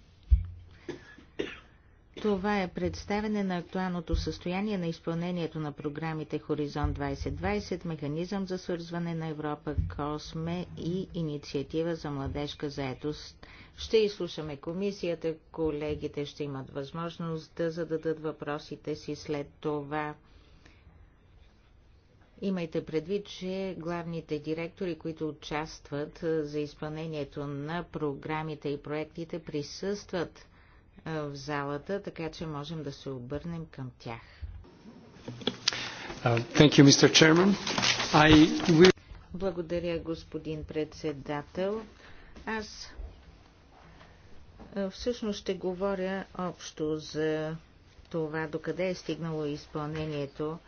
това е представене на актуалното състояние на изпълнението на програмите Хоризонт 2020, Механизъм за свързване на Европа, Косме и Инициатива за младежка заетост. Ще изслушаме комисията, колегите ще имат възможност да зададат въпросите си след това. Имайте предвид, че главните директори, които участват за изпълнението на програмите и проектите, присъстват в залата, така че можем да се обърнем към тях. Uh, you, will... Благодаря, господин председател. Аз всъщност ще говоря общо за това, докъде е стигнало изпълнението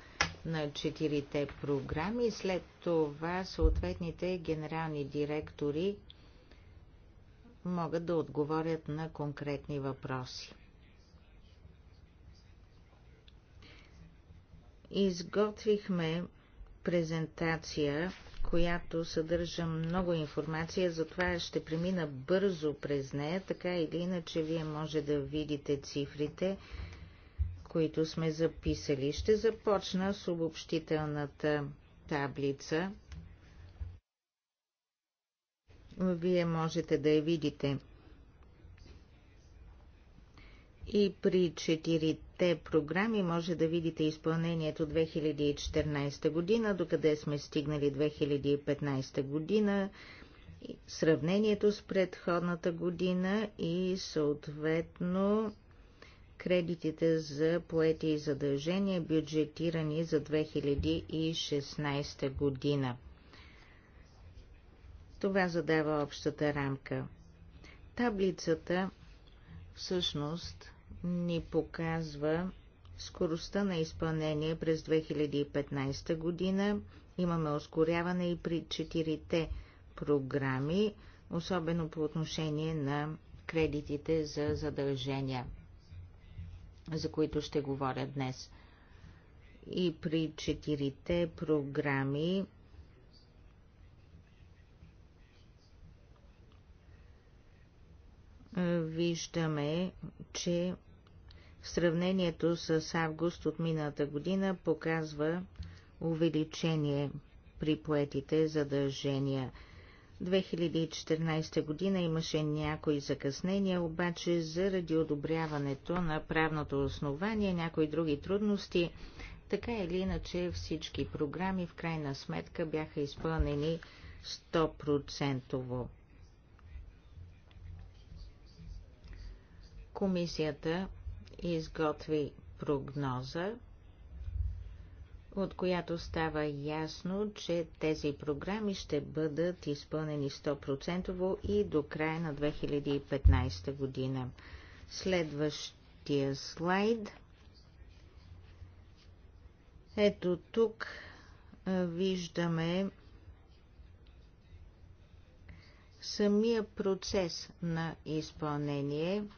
на четирите програми. След това съответните генерални директори могат да отговорят на конкретни въпроси. Изготвихме презентация, която съдържа много информация, затова ще премина бързо през нея, така или иначе вие може да видите цифрите, които сме записали. Ще започна с обобщителната таблица. Вие можете да я видите. И при четирите програми може да видите изпълнението 2014 година, докъде сме стигнали 2015 година, сравнението с предходната година и съответно кредитите за поети и задължения, бюджетирани за 2016 година. Това задава общата рамка. Таблицата всъщност ни показва скоростта на изпълнение през 2015 година. Имаме ускоряване и при четирите програми, особено по отношение на кредитите за задължения, за които ще говоря днес. И при четирите програми виждаме, че в сравнението с август от миналата година показва увеличение при поетите задължения. 2014 година имаше някои закъснения, обаче заради одобряването на правното основание, някои други трудности, така или иначе всички програми в крайна сметка бяха изпълнени 100%. Комисията изготви прогноза, от която става ясно, че тези програми ще бъдат изпълнени 100% и до края на 2015 година. Следващия слайд. Ето тук виждаме самия процес на изпълнение –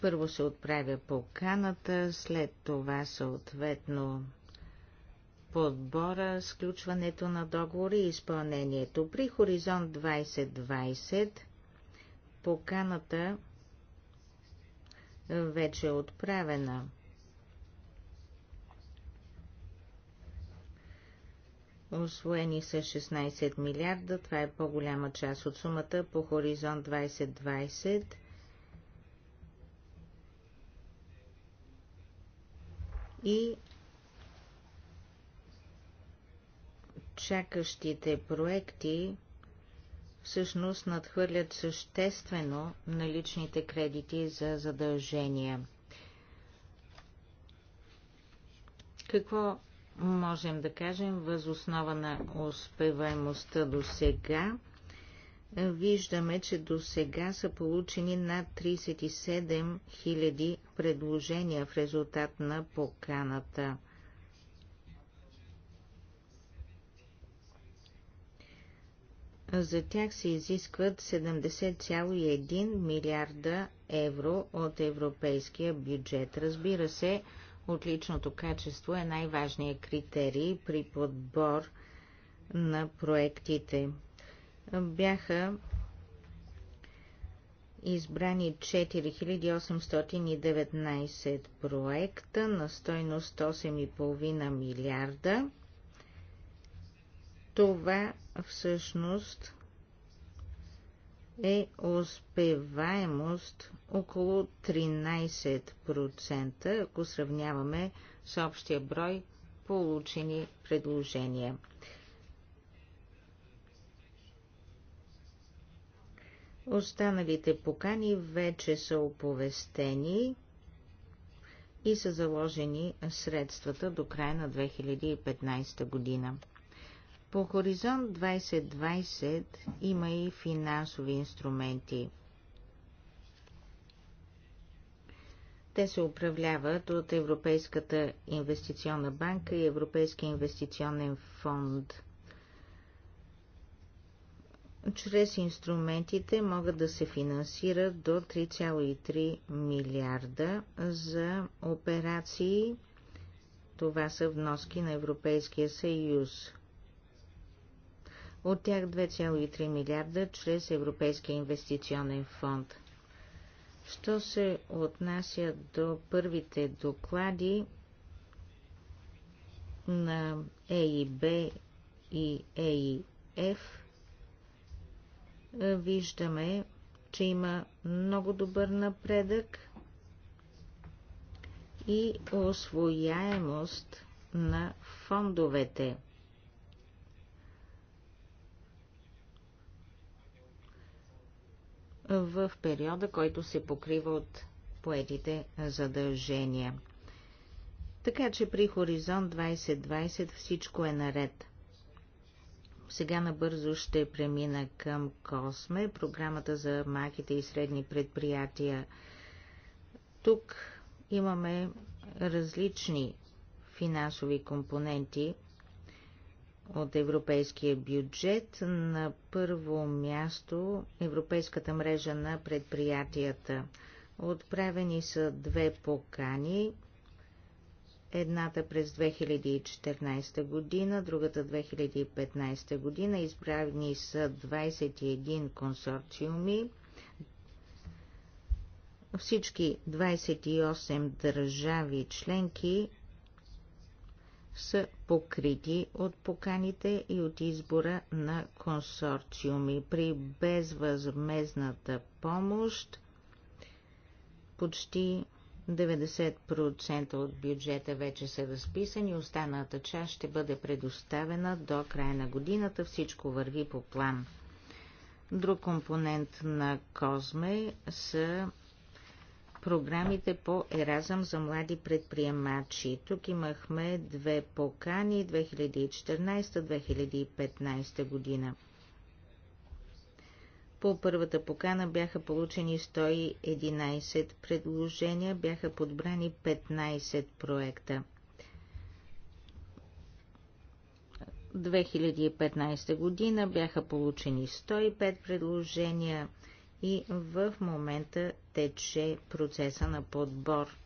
Първо се отправя поканата, след това съответно подбора, сключването на договори и изпълнението. При Хоризонт 2020 поканата вече е отправена. Освоени са 16 милиарда, това е по-голяма част от сумата по Хоризонт 2020 и чакащите проекти всъщност надхвърлят съществено наличните кредити за задължения. Какво можем да кажем възоснова на успеваемостта до сега? виждаме, че до сега са получени над 37 000 предложения в резултат на поканата. За тях се изискват 70,1 милиарда евро от европейския бюджет. Разбира се, отличното качество е най-важният критерий при подбор на проектите бяха избрани 4819 проекта на стойност 8,5 милиарда. Това всъщност е успеваемост около 13%, ако сравняваме с общия брой получени предложения. Останалите покани вече са оповестени и са заложени средствата до края на 2015 година. По Хоризонт 2020 има и финансови инструменти. Те се управляват от Европейската инвестиционна банка и Европейския инвестиционен фонд чрез инструментите могат да се финансират до 3,3 милиарда за операции. Това са вноски на Европейския съюз. От тях 2,3 милиарда чрез Европейския инвестиционен фонд. Що се отнася до първите доклади на ЕИБ и ЕИФ, виждаме, че има много добър напредък и освояемост на фондовете. в периода, който се покрива от поетите задължения. Така че при Хоризонт 2020 всичко е наред. Сега набързо ще премина към Косме, програмата за малките и средни предприятия. Тук имаме различни финансови компоненти от европейския бюджет. На първо място Европейската мрежа на предприятията. Отправени са две покани едната през 2014 година, другата 2015 година. Избрани са 21 консорциуми. Всички 28 държави членки са покрити от поканите и от избора на консорциуми. При безвъзмезната помощ почти 90% от бюджета вече са разписани, останалата част ще бъде предоставена до края на годината. Всичко върви по план. Друг компонент на Козме са програмите по Еразъм за млади предприемачи. Тук имахме две покани 2014-2015 година. По първата покана бяха получени 111 предложения, бяха подбрани 15 проекта. 2015 година бяха получени 105 предложения и в момента тече процеса на подбор.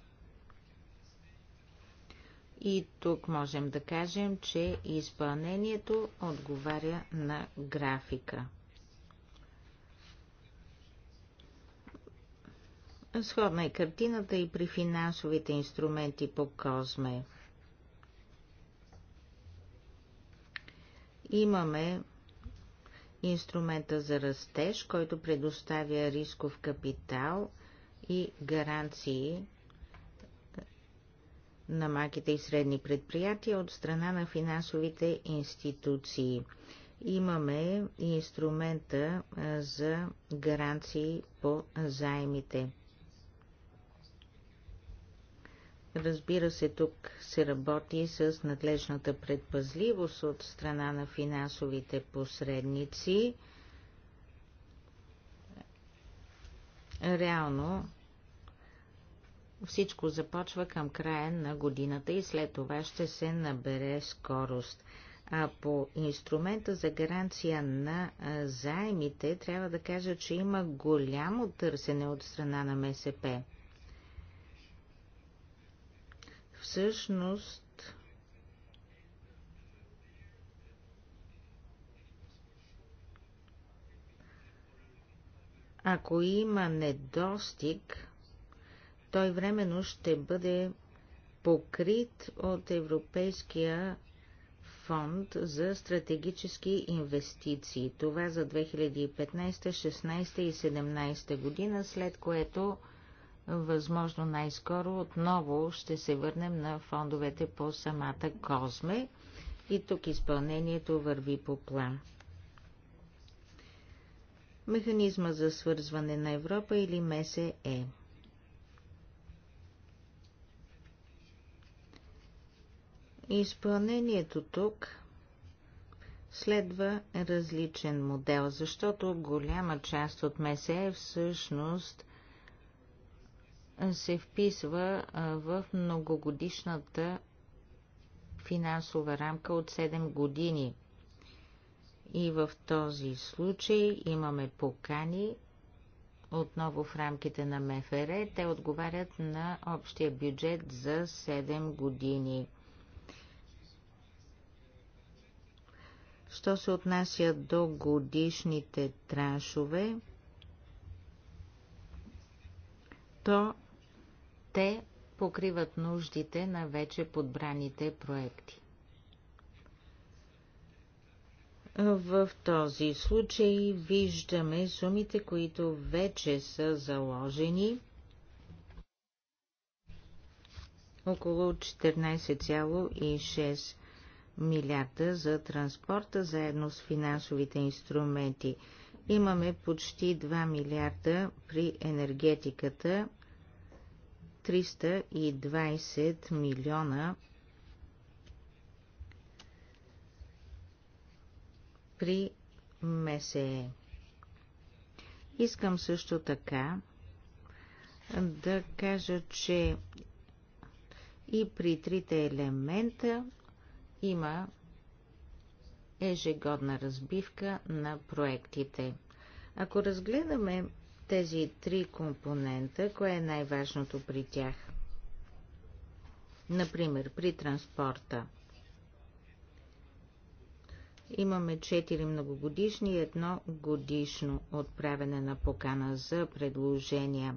И тук можем да кажем, че изпълнението отговаря на графика. Сходна е картината и при финансовите инструменти по Козме. Имаме инструмента за растеж, който предоставя рисков капитал и гаранции на маките и средни предприятия от страна на финансовите институции. Имаме инструмента за гаранции по заемите – Разбира се, тук се работи с надлежната предпазливост от страна на финансовите посредници. Реално всичко започва към края на годината и след това ще се набере скорост. А по инструмента за гаранция на заемите трябва да кажа, че има голямо търсене от страна на МСП. всъщност ако има недостиг, той временно ще бъде покрит от Европейския фонд за стратегически инвестиции. Това за 2015, 16 и 17 година, след което възможно най-скоро отново ще се върнем на фондовете по самата Козме и тук изпълнението върви по план. Механизма за свързване на Европа или МСЕ. Изпълнението тук следва различен модел, защото голяма част от МСЕ всъщност – се вписва в многогодишната финансова рамка от 7 години. И в този случай имаме покани отново в рамките на МФР. Те отговарят на общия бюджет за 7 години. Що се отнася до годишните траншове, то те покриват нуждите на вече подбраните проекти. В този случай виждаме сумите, които вече са заложени. Около 14,6 милиарда за транспорта, заедно с финансовите инструменти. Имаме почти 2 милиарда при енергетиката 320 милиона при МСЕ. Искам също така да кажа, че и при трите елемента има ежегодна разбивка на проектите. Ако разгледаме тези три компонента, кое е най-важното при тях? Например, при транспорта. Имаме 4 многогодишни и едно годишно отправяне на покана за предложения.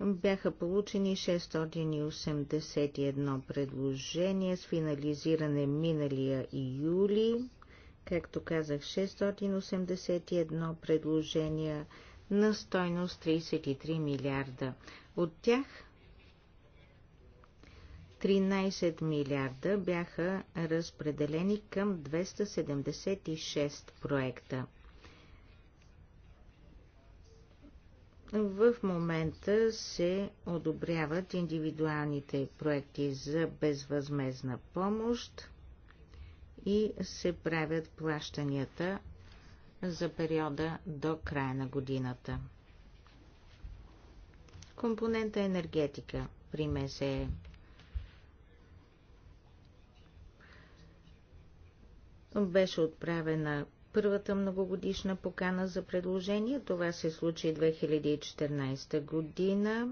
Бяха получени 681 предложения с финализиране миналия и юли както казах, 681 предложения на стойност 33 милиарда. От тях 13 милиарда бяха разпределени към 276 проекта. В момента се одобряват индивидуалните проекти за безвъзмезна помощ и се правят плащанията за периода до края на годината. Компонента енергетика при МСЕ беше отправена първата многогодишна покана за предложение. Това се случи 2014 година,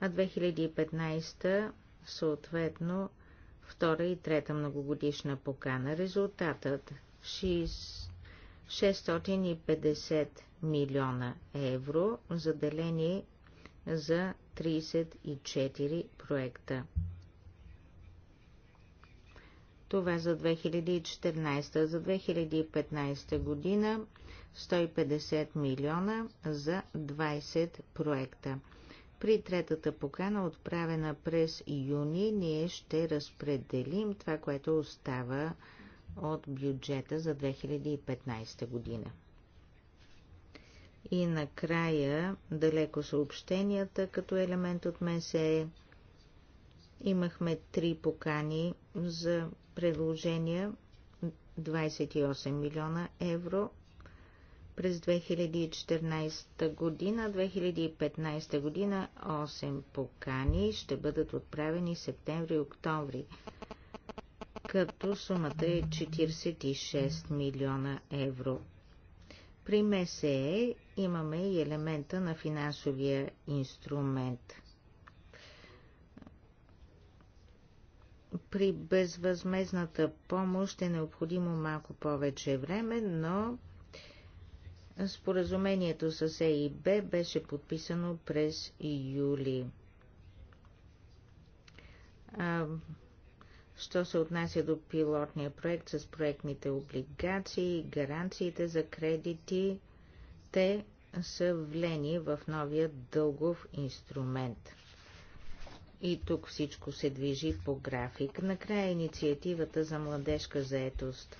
а 2015 съответно втора и трета многогодишна покана. Резултатът 6, 650 милиона евро, заделени за 34 проекта. Това за 2014. За 2015 година 150 милиона за 20 проекта. При третата покана, отправена през юни, ние ще разпределим това, което остава от бюджета за 2015 година. И накрая, далеко съобщенията като елемент от МСЕ, имахме три покани за предложения 28 милиона евро през 2014 година, 2015 година 8 покани ще бъдат отправени септември-октомври, като сумата е 46 милиона евро. При МСЕ имаме и елемента на финансовия инструмент. При безвъзмезната помощ е необходимо малко повече време, но Споразумението с ЕИБ беше подписано през юли. А, що се отнася до пилотния проект с проектните облигации, гаранциите за кредити, те са влени в новия дългов инструмент. И тук всичко се движи по график. Накрая инициативата за младежка заетост.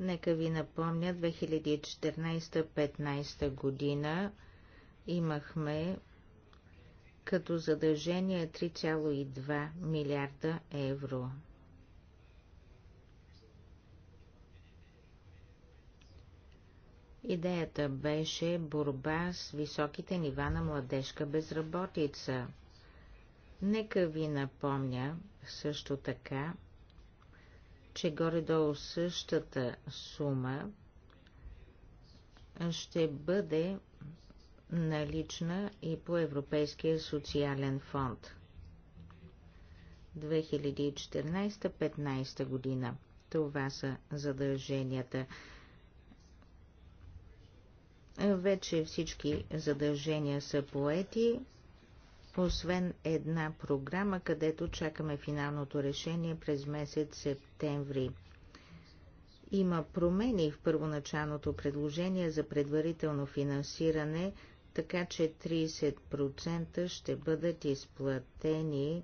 Нека ви напомня, 2014-15 година имахме като задължение 3,2 милиарда евро. Идеята беше борба с високите нива на младежка безработица. Нека ви напомня също така, че горе-долу същата сума ще бъде налична и по Европейския социален фонд 2014-15 година. Това са задълженията. Вече всички задължения са поети, освен една програма, където чакаме финалното решение през месец септември. Има промени в първоначалното предложение за предварително финансиране, така че 30% ще бъдат изплатени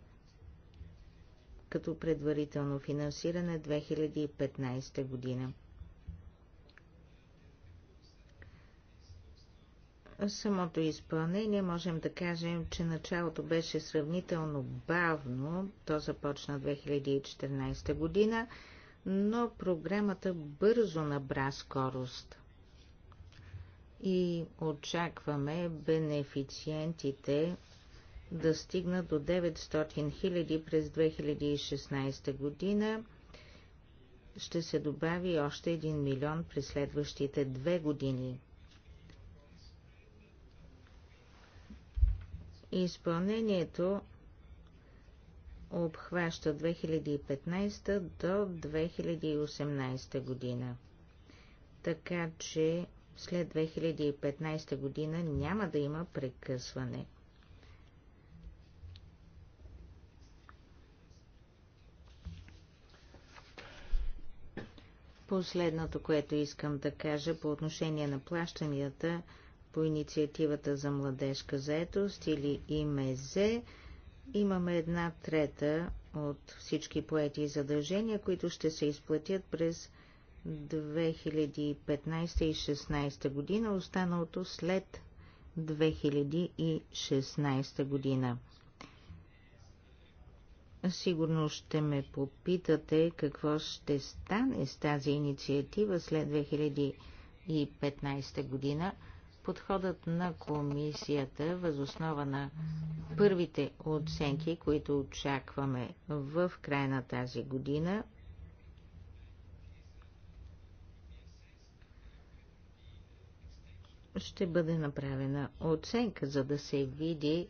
като предварително финансиране 2015 година. самото изпълнение можем да кажем, че началото беше сравнително бавно, то започна 2014 година, но програмата бързо набра скорост. И очакваме бенефициентите да стигнат до 900 000 през 2016 година. Ще се добави още 1 милион през следващите две години. Изпълнението обхваща 2015 до 2018 година. Така че след 2015 година няма да има прекъсване. Последното, което искам да кажа по отношение на плащанията – по инициативата за младежка заетост или ИМЗ, имаме една трета от всички поети и задължения, които ще се изплатят през 2015 и 2016 година, останалото след 2016 година. Сигурно ще ме попитате какво ще стане с тази инициатива след 2015 година. Подходът на комисията възоснова на първите оценки, които очакваме в края на тази година, ще бъде направена оценка, за да се види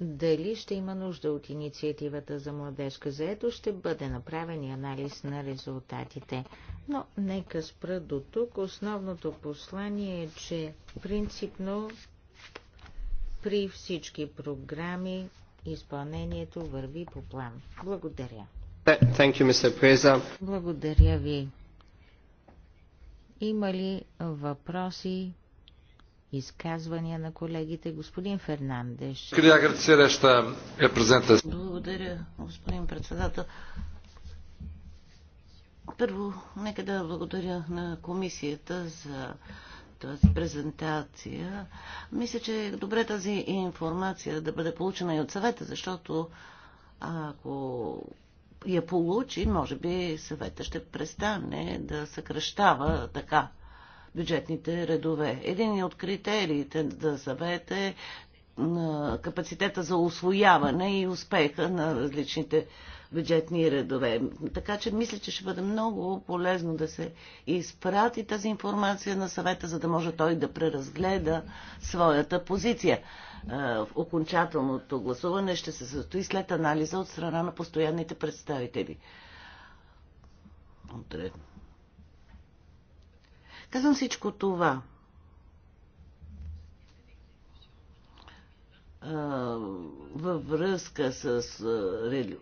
дали ще има нужда от инициативата за младежка заето, ще бъде направен и анализ на резултатите. Но нека спра до тук. Основното послание е, че принципно при всички програми изпълнението върви по план. Благодаря. You, Благодаря ви. Има ли въпроси изказвания на колегите. Господин Фернандеш. Е благодаря, господин председател. Първо, нека да благодаря на комисията за тази презентация. Мисля, че е добре тази информация да бъде получена и от съвета, защото ако я получи, може би съвета ще престане да съкръщава така бюджетните редове. Един от критериите за съвет е капацитета за освояване и успеха на различните бюджетни редове. Така че мисля, че ще бъде много полезно да се изпрати тази информация на съвета, за да може той да преразгледа своята позиция. Окончателното гласуване ще се състои след анализа от страна на постоянните представители. Отред. Казвам всичко това. във връзка с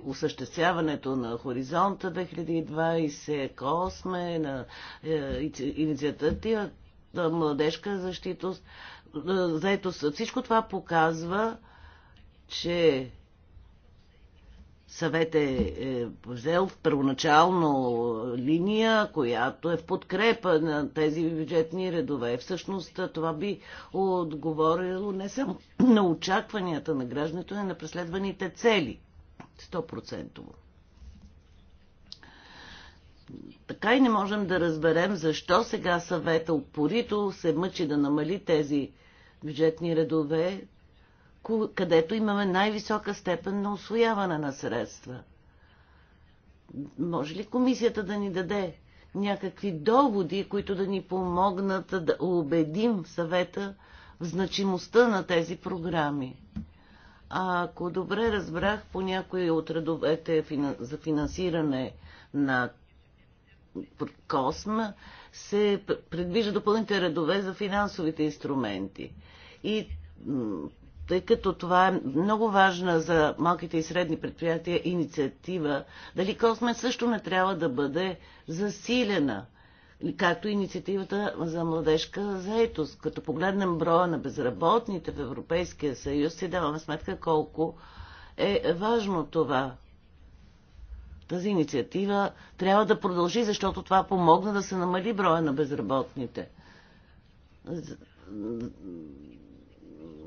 осъществяването на Хоризонта 2020, Косме, на е, инициативата Младежка защитост, заето всичко това показва, че Съвет е, е взел в първоначално линия, която е в подкрепа на тези бюджетни редове. Всъщност това би отговорило не само *clears throat* на очакванията на гражданите, но и на преследваните цели. 100%. Така и не можем да разберем защо сега съвета упорито се мъчи да намали тези бюджетни редове, където имаме най-висока степен на освояване на средства. Може ли комисията да ни даде някакви доводи, които да ни помогнат да убедим съвета в значимостта на тези програми? А ако добре разбрах по някои от редовете за финансиране на КОСМА, се предвижда допълните редове за финансовите инструменти. И тъй като това е много важна за малките и средни предприятия инициатива, дали Косме също не трябва да бъде засилена, както инициативата за младежка заетост. Като погледнем броя на безработните в Европейския съюз, си даваме сметка колко е важно това. Тази инициатива трябва да продължи, защото това помогна да се намали броя на безработните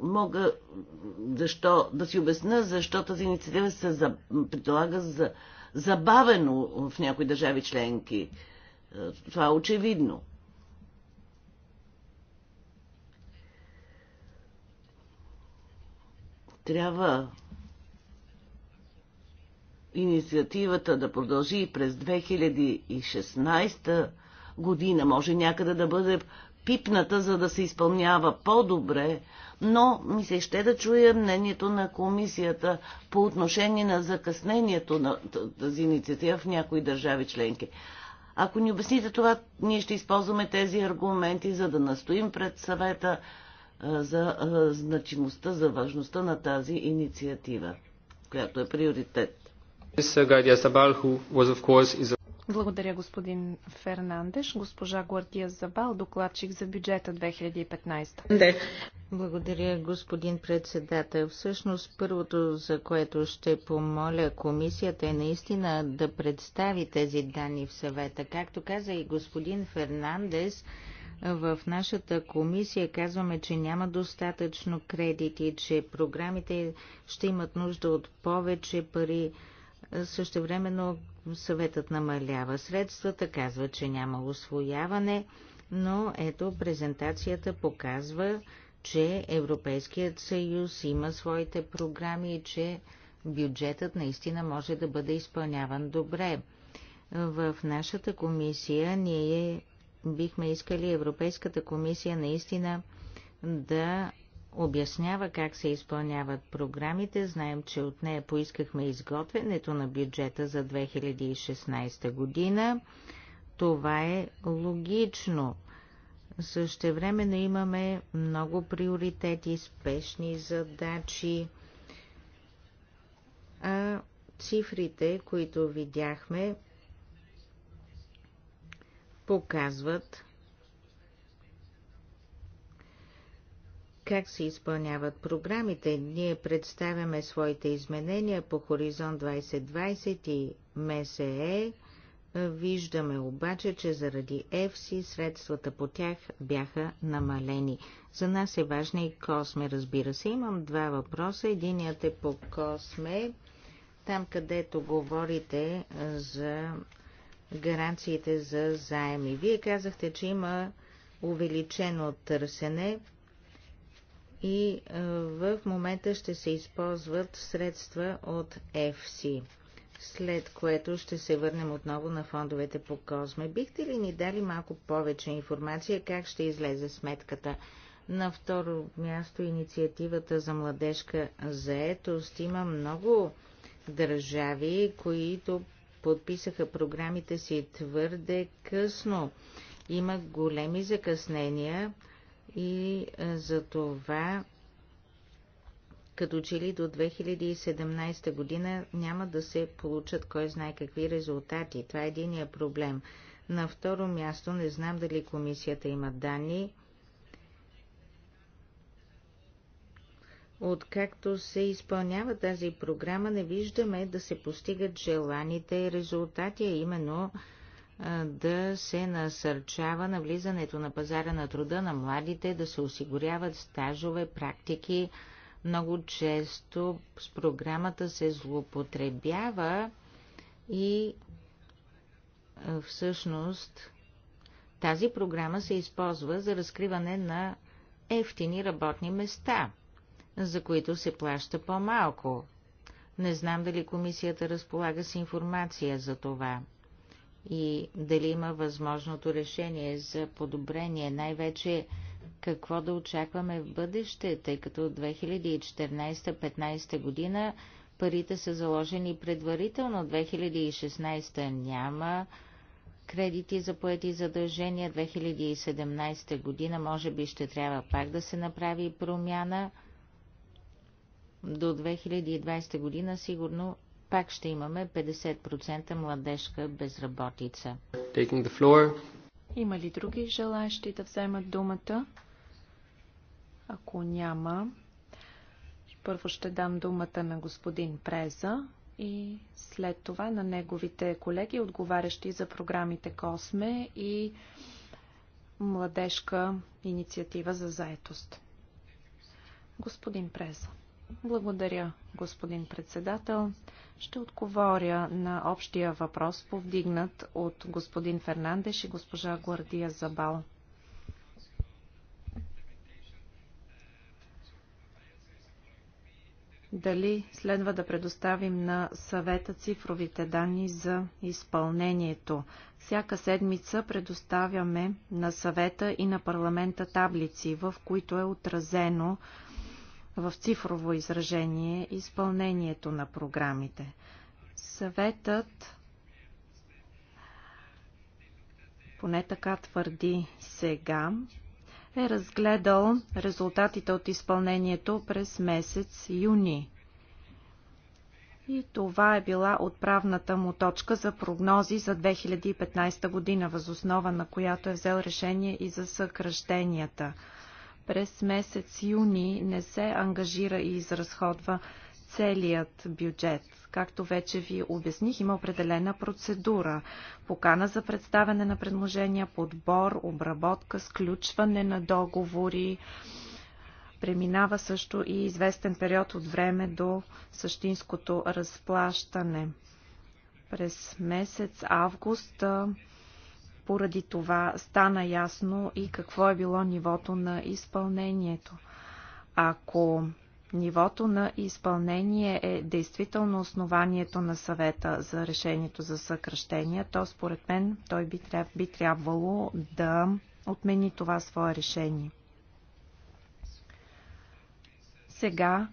мога защо, да си обясна защо тази инициатива се за, предлага за, забавено в някои държави членки. Е, това е очевидно. Трябва инициативата да продължи през 2016 година. Може някъде да бъде пипната, за да се изпълнява по-добре, но ми се ще да чуя мнението на комисията по отношение на закъснението на тази инициатива в някои държави членки. Ако ни обясните това, ние ще използваме тези аргументи, за да настоим пред съвета за значимостта, за важността на тази инициатива, която е приоритет. Благодаря, господин Фернандеш. Госпожа Гвардия Забал, докладчик за бюджета 2015. Да. Благодаря, господин председател. Всъщност, първото, за което ще помоля комисията е наистина да представи тези данни в съвета. Както каза и господин Фернандес, в нашата комисия казваме, че няма достатъчно кредити, че програмите ще имат нужда от повече пари. времено Съветът намалява средствата, казва, че няма освояване, но ето презентацията показва, че Европейският съюз има своите програми и че бюджетът наистина може да бъде изпълняван добре. В нашата комисия ние бихме искали Европейската комисия наистина да обяснява как се изпълняват програмите. Знаем, че от нея поискахме изготвянето на бюджета за 2016 година. Това е логично. Същевременно имаме много приоритети, спешни задачи. А цифрите, които видяхме, показват, как се изпълняват програмите. Ние представяме своите изменения по Хоризонт 2020 и МСЕ. Виждаме обаче, че заради ЕФСИ средствата по тях бяха намалени. За нас е важна и Косме, разбира се. Имам два въпроса. Единият е по Косме. Там, където говорите за гаранциите за заеми. Вие казахте, че има увеличено търсене и в момента ще се използват средства от FC, след което ще се върнем отново на фондовете по Козме. Бихте ли ни дали малко повече информация как ще излезе сметката? На второ място инициативата за младежка заетост има много държави, които подписаха програмите си твърде късно. Има големи закъснения и е, за това като че ли до 2017 година няма да се получат кой знае какви резултати. Това е единия проблем. На второ място не знам дали комисията има данни. Откакто се изпълнява тази програма, не виждаме да се постигат желаните резултати, а именно да се насърчава на влизането на пазара на труда на младите, да се осигуряват стажове, практики. Много често с програмата се злоупотребява и всъщност тази програма се използва за разкриване на ефтини работни места, за които се плаща по-малко. Не знам дали комисията разполага с информация за това и дали има възможното решение за подобрение, най-вече какво да очакваме в бъдеще, тъй като от 2014-15 година парите са заложени предварително, 2016 няма кредити за поети задължения, 2017 година може би ще трябва пак да се направи промяна. До 2020 година сигурно пак ще имаме 50% младежка безработица. Има ли други желащи да вземат думата? Ако няма, първо ще дам думата на господин Преза и след това на неговите колеги, отговарящи за програмите Косме и Младежка инициатива за заетост. Господин Преза. Благодаря, господин председател. Ще отговоря на общия въпрос, повдигнат от господин Фернандеш и госпожа Гвардия Забал. Дали следва да предоставим на съвета цифровите данни за изпълнението? Всяка седмица предоставяме на съвета и на парламента таблици, в които е отразено в цифрово изражение изпълнението на програмите. Съветът, поне така твърди сега, е разгледал резултатите от изпълнението през месец юни. И това е била отправната му точка за прогнози за 2015 година, възоснова на която е взел решение и за съкръщенията – през месец юни не се ангажира и изразходва целият бюджет. Както вече ви обясних, има определена процедура. Покана за представяне на предложения, подбор, обработка, сключване на договори. Преминава също и известен период от време до същинското разплащане. През месец август поради това стана ясно и какво е било нивото на изпълнението. Ако нивото на изпълнение е действително основанието на съвета за решението за съкръщение, то според мен той би, тря... би трябвало да отмени това свое решение. Сега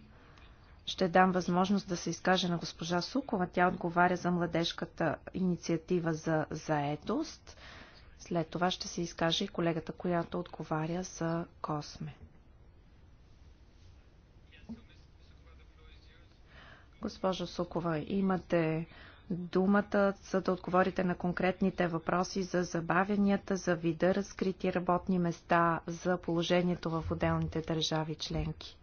ще дам възможност да се изкаже на госпожа Сукова. Тя отговаря за младежката инициатива за заетост. След това ще се изкаже и колегата, която отговаря за Косме. Госпожо Сукова, имате думата, за да отговорите на конкретните въпроси за забавянията, за вида разкрити работни места, за положението в отделните държави членки.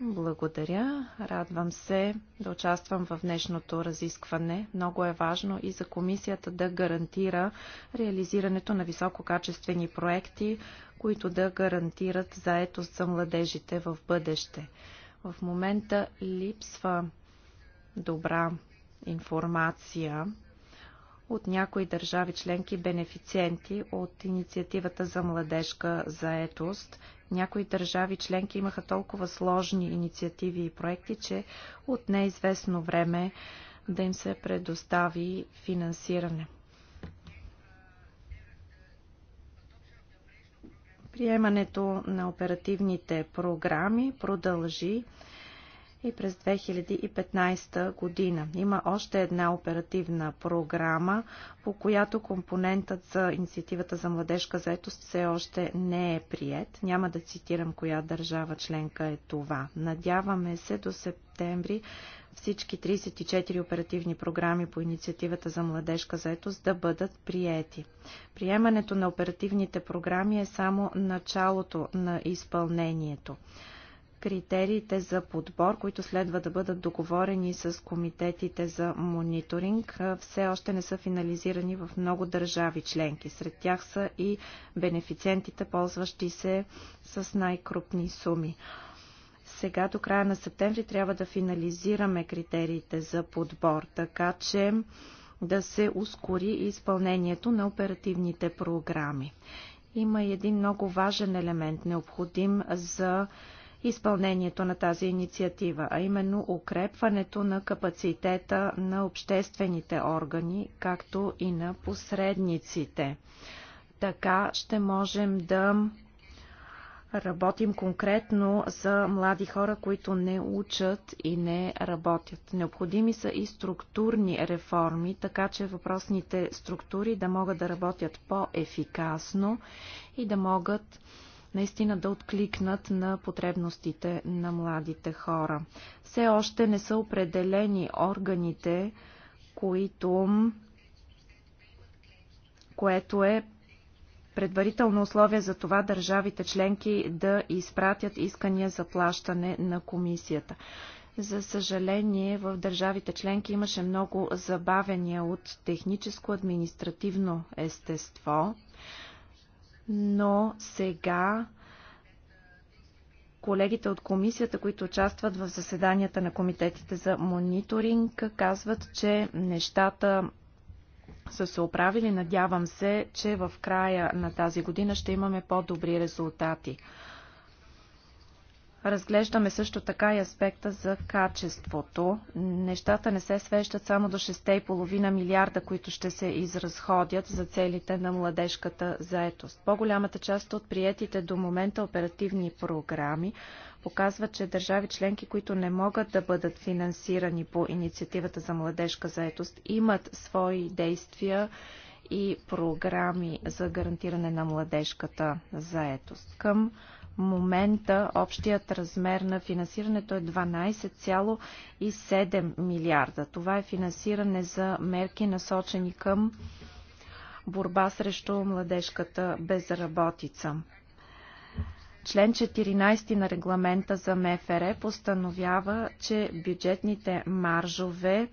Благодаря. Радвам се да участвам в днешното разискване. Много е важно и за комисията да гарантира реализирането на висококачествени проекти, които да гарантират заетост за младежите в бъдеще. В момента липсва добра информация от някои държави членки бенефициенти от инициативата за младежка заетост. Някои държави членки имаха толкова сложни инициативи и проекти, че от неизвестно време да им се предостави финансиране. Приемането на оперативните програми продължи и през 2015 година. Има още една оперативна програма, по която компонентът за инициативата за младежка заетост все още не е прият. Няма да цитирам коя държава членка е това. Надяваме се до септември всички 34 оперативни програми по инициативата за младежка заетост да бъдат приети. Приемането на оперативните програми е само началото на изпълнението критериите за подбор, които следва да бъдат договорени с комитетите за мониторинг, все още не са финализирани в много държави членки. Сред тях са и бенефициентите, ползващи се с най-крупни суми. Сега до края на септември трябва да финализираме критериите за подбор, така че да се ускори изпълнението на оперативните програми има и един много важен елемент, необходим за изпълнението на тази инициатива, а именно укрепването на капацитета на обществените органи, както и на посредниците. Така ще можем да работим конкретно за млади хора, които не учат и не работят. Необходими са и структурни реформи, така че въпросните структури да могат да работят по-ефикасно и да могат наистина да откликнат на потребностите на младите хора. Все още не са определени органите, които което е предварително условие за това държавите членки да изпратят искания за плащане на комисията. За съжаление, в държавите членки имаше много забавения от техническо-административно естество но сега колегите от комисията, които участват в заседанията на комитетите за мониторинг, казват, че нещата са се оправили. Надявам се, че в края на тази година ще имаме по-добри резултати. Разглеждаме също така и аспекта за качеството. Нещата не се свещат само до 6,5 милиарда, които ще се изразходят за целите на младежката заетост. По-голямата част от приетите до момента оперативни програми показват, че държави членки, които не могат да бъдат финансирани по инициативата за младежка заетост, имат свои действия и програми за гарантиране на младежката заетост. Към момента общият размер на финансирането е 12,7 милиарда. Това е финансиране за мерки насочени към борба срещу младежката безработица. Член 14 на регламента за МФР постановява, че бюджетните маржове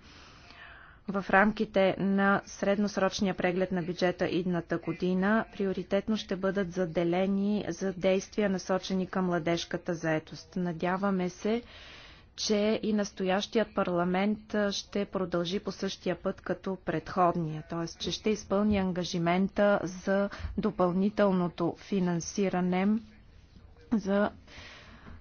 в рамките на средносрочния преглед на бюджета идната година приоритетно ще бъдат заделени за действия насочени към младежката заетост. Надяваме се, че и настоящият парламент ще продължи по същия път като предходния, т.е. че ще изпълни ангажимента за допълнителното финансиране за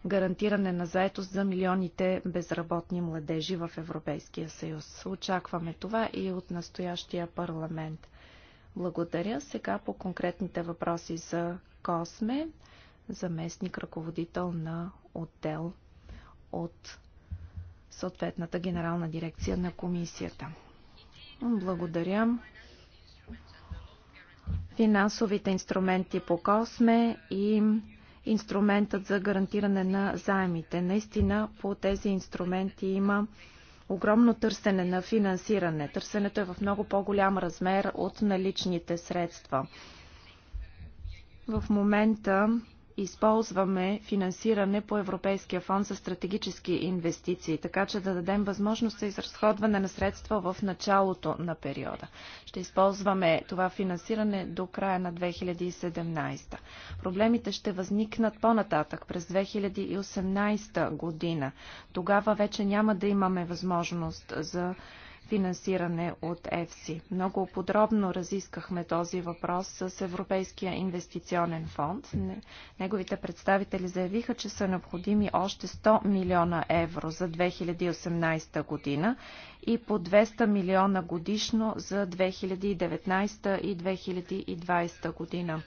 гарантиране на заетост за милионите безработни младежи в Европейския съюз. Очакваме това и от настоящия парламент. Благодаря. Сега по конкретните въпроси за Косме, заместник ръководител на отдел от съответната генерална дирекция на комисията. Благодаря. Финансовите инструменти по Косме и инструментът за гарантиране на заемите. Наистина по тези инструменти има огромно търсене на финансиране. Търсенето е в много по-голям размер от наличните средства. В момента използваме финансиране по Европейския фонд за стратегически инвестиции, така че да дадем възможност за изразходване на средства в началото на периода. Ще използваме това финансиране до края на 2017. Проблемите ще възникнат по-нататък през 2018 година. Тогава вече няма да имаме възможност за финансиране от ЕФСИ. Много подробно разискахме този въпрос с Европейския инвестиционен фонд. Неговите представители заявиха, че са необходими още 100 милиона евро за 2018 година и по 200 милиона годишно за 2019 и 2020 година.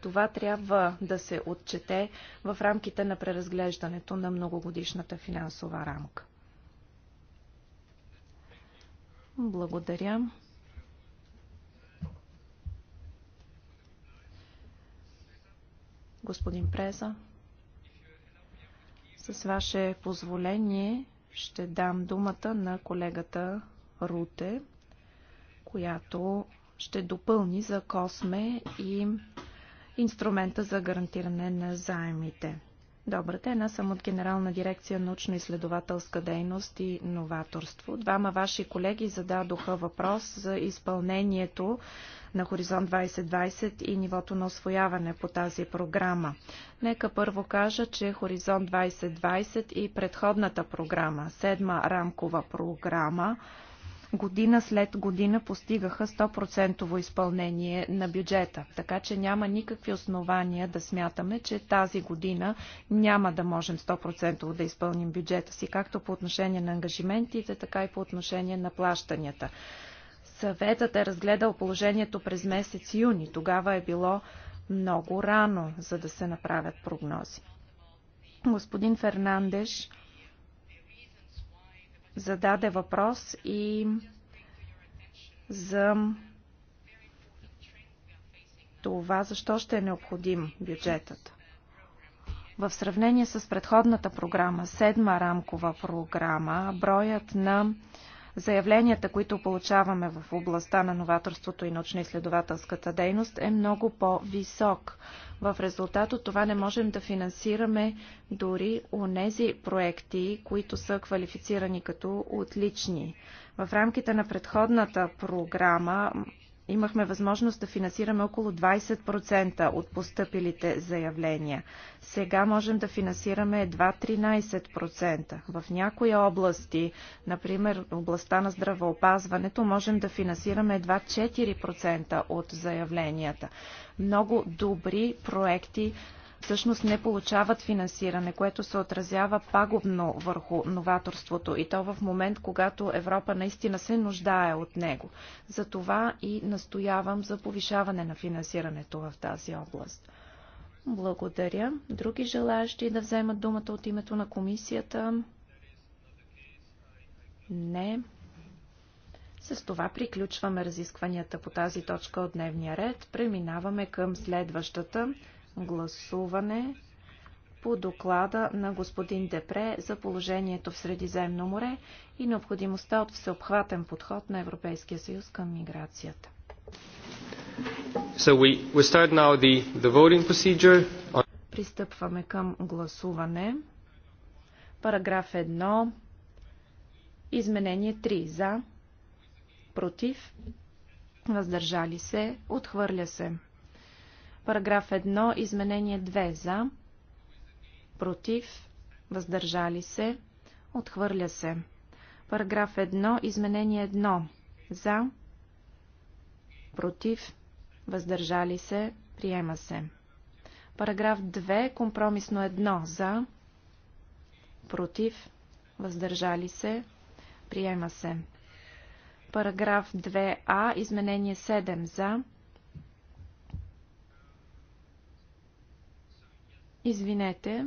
Това трябва да се отчете в рамките на преразглеждането на многогодишната финансова рамка. Благодаря. Господин Преза, с ваше позволение ще дам думата на колегата Руте, която ще допълни за Косме и инструмента за гарантиране на заемите. Добър ден, аз съм от Генерална дирекция научно-изследователска дейност и новаторство. Двама ваши колеги зададоха въпрос за изпълнението на Хоризонт 2020 и нивото на освояване по тази програма. Нека първо кажа, че Хоризонт 2020 и предходната програма, седма рамкова програма, година след година постигаха 100% изпълнение на бюджета. Така че няма никакви основания да смятаме, че тази година няма да можем 100% да изпълним бюджета си, както по отношение на ангажиментите, така и по отношение на плащанията. Съветът е разгледал положението през месец юни. Тогава е било много рано, за да се направят прогнози. Господин Фернандеш зададе въпрос и за това защо ще е необходим бюджетът. В сравнение с предходната програма, седма рамкова програма, броят на заявленията, които получаваме в областта на новаторството и научно-изследователската дейност е много по-висок. В резултат от това не можем да финансираме дори онези проекти, които са квалифицирани като отлични. В рамките на предходната програма имахме възможност да финансираме около 20% от поступилите заявления. Сега можем да финансираме едва 13%. В някои области, например областта на здравеопазването, можем да финансираме едва 4% от заявленията. Много добри проекти всъщност не получават финансиране, което се отразява пагубно върху новаторството и то в момент, когато Европа наистина се нуждае от него. Затова и настоявам за повишаване на финансирането в тази област. Благодаря. Други желаящи да вземат думата от името на комисията? Не. С това приключваме разискванията по тази точка от дневния ред. Преминаваме към следващата гласуване по доклада на господин Депре за положението в Средиземно море и необходимостта от всеобхватен подход на Европейския съюз към миграцията. So we, we start now the, the voting procedure on... Пристъпваме към гласуване. Параграф 1. Изменение 3. За. Против. Въздържали се. Отхвърля се. Параграф 1, изменение 2 за, против, въздържали се, отхвърля се. Параграф 1, изменение 1 за, против, въздържали се, приема се. Параграф 2, компромисно 1 за, против, въздържали се, приема се. Параграф 2а, изменение 7 за, против, Извинете.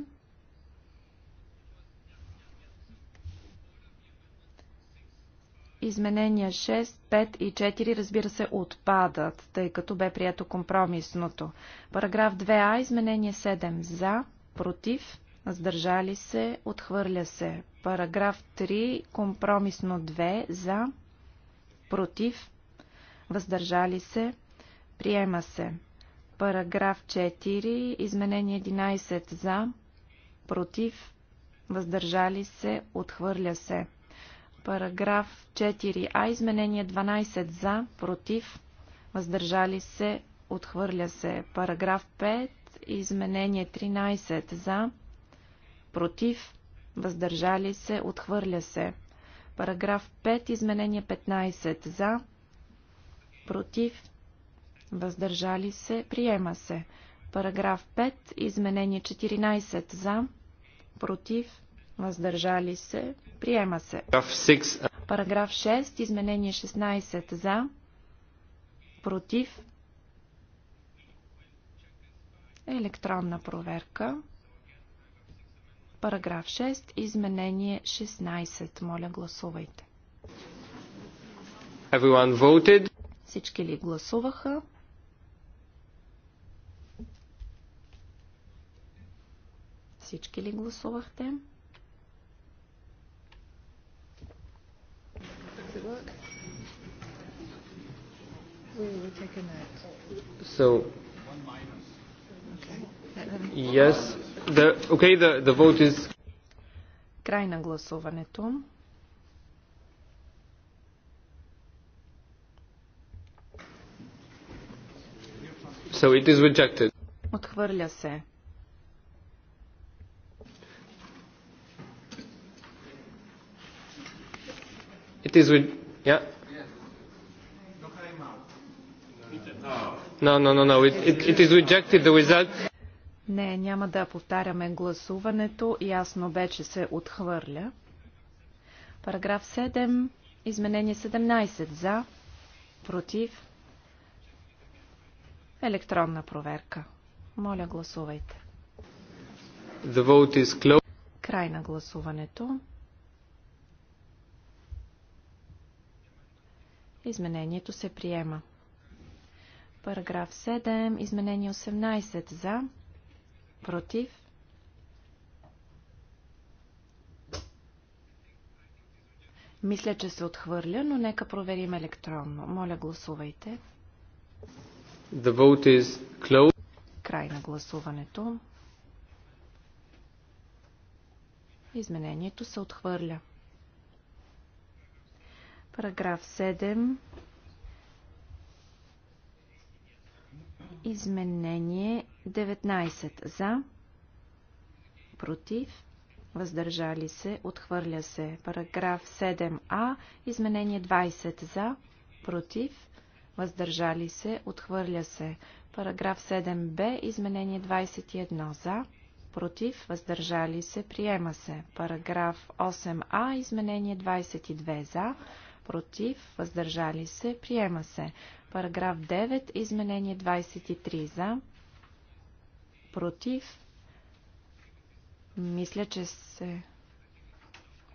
Изменения 6, 5 и 4 разбира се отпадат, тъй като бе прието компромисното. Параграф 2а, изменение 7 за, против, сдържали се, отхвърля се. Параграф 3, компромисно 2 за, против, въздържали се, приема се. Параграф 4. Изменение 11 за. Против. Въздържали се. Отхвърля се. Параграф 4а. Изменение 12 за. Против. Въздържали се. Отхвърля се. Параграф 5. Изменение 13 за. Против. Въздържали се. Отхвърля се. Параграф 5. Изменение 15 за. Против въздържали се, приема се. Параграф 5, изменение 14 за, против, въздържали се, приема се. Параграф 6, изменение 16 за, против, електронна проверка. Параграф 6, изменение 16. Моля, гласувайте. Всички ли гласуваха? Всички ли гласувахте? So, yes, the, okay, the, the vote is... Край на гласуването. So it is rejected. Отхвърля се. It is with, yeah. No, no, no, no. It, it, it is rejected the result. Не, няма да повтаряме гласуването. Ясно вече се отхвърля. Параграф 7. Изменение 17. За. Против. Електронна проверка. Моля, гласувайте. The vote is closed. Край на гласуването. Изменението се приема. Параграф 7. Изменение 18. За. Против. Мисля, че се отхвърля, но нека проверим електронно. Моля, гласувайте. The vote is closed. Край на гласуването. Изменението се отхвърля. Параграф 7. Изменение 19 за, против, въздържали се, отхвърля се. Параграф 7а, изменение 20 за, против, въздържали се, отхвърля се. Параграф 7б, изменение 21 за, против, въздържали се, приема се. Параграф 8а, изменение 22 за, против, въздържали се, приема се. Параграф 9, изменение 23 за, против, мисля, че се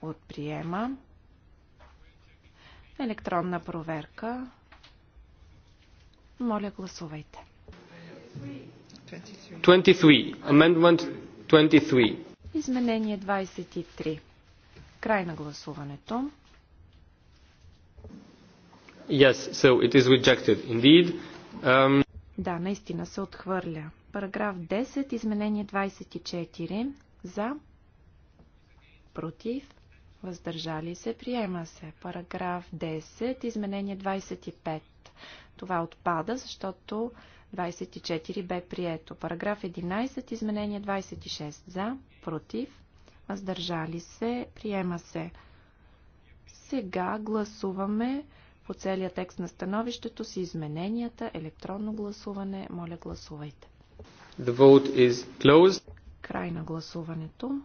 отприема. Електронна проверка. Моля, гласувайте. 23. Amendment 23. Изменение 23. Край на гласуването. Yes, so it is rejected indeed. Um... Да, наистина се отхвърля. Параграф 10, изменение 24. За, против, въздържали се, приема се. Параграф 10, изменение 25. Това отпада, защото 24 бе прието. Параграф 11, изменение 26. За, против, въздържали се, приема се. Сега гласуваме по целия текст на становището си измененията, електронно гласуване, моля гласувайте. The vote is closed. Край на гласуването.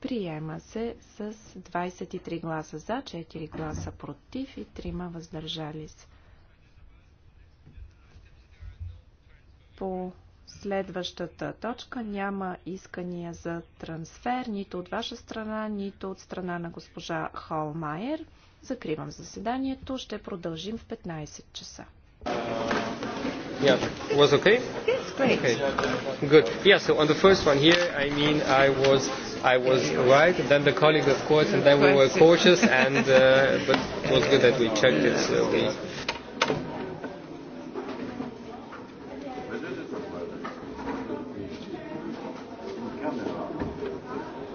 Приема се с 23 гласа за, 4 гласа против и 3 въздържали се. По следващата точка няма искания за трансфер нито от ваша страна, нито от страна на госпожа Холмайер. Закривам заседанието. Ще продължим в 15 часа. Yeah, was okay? Yes, great. Okay. Good. Yeah, so on the first one here, I mean, I was I was right, and then the colleague, of course, and then we were cautious, and uh, but it was good that we checked it. So we,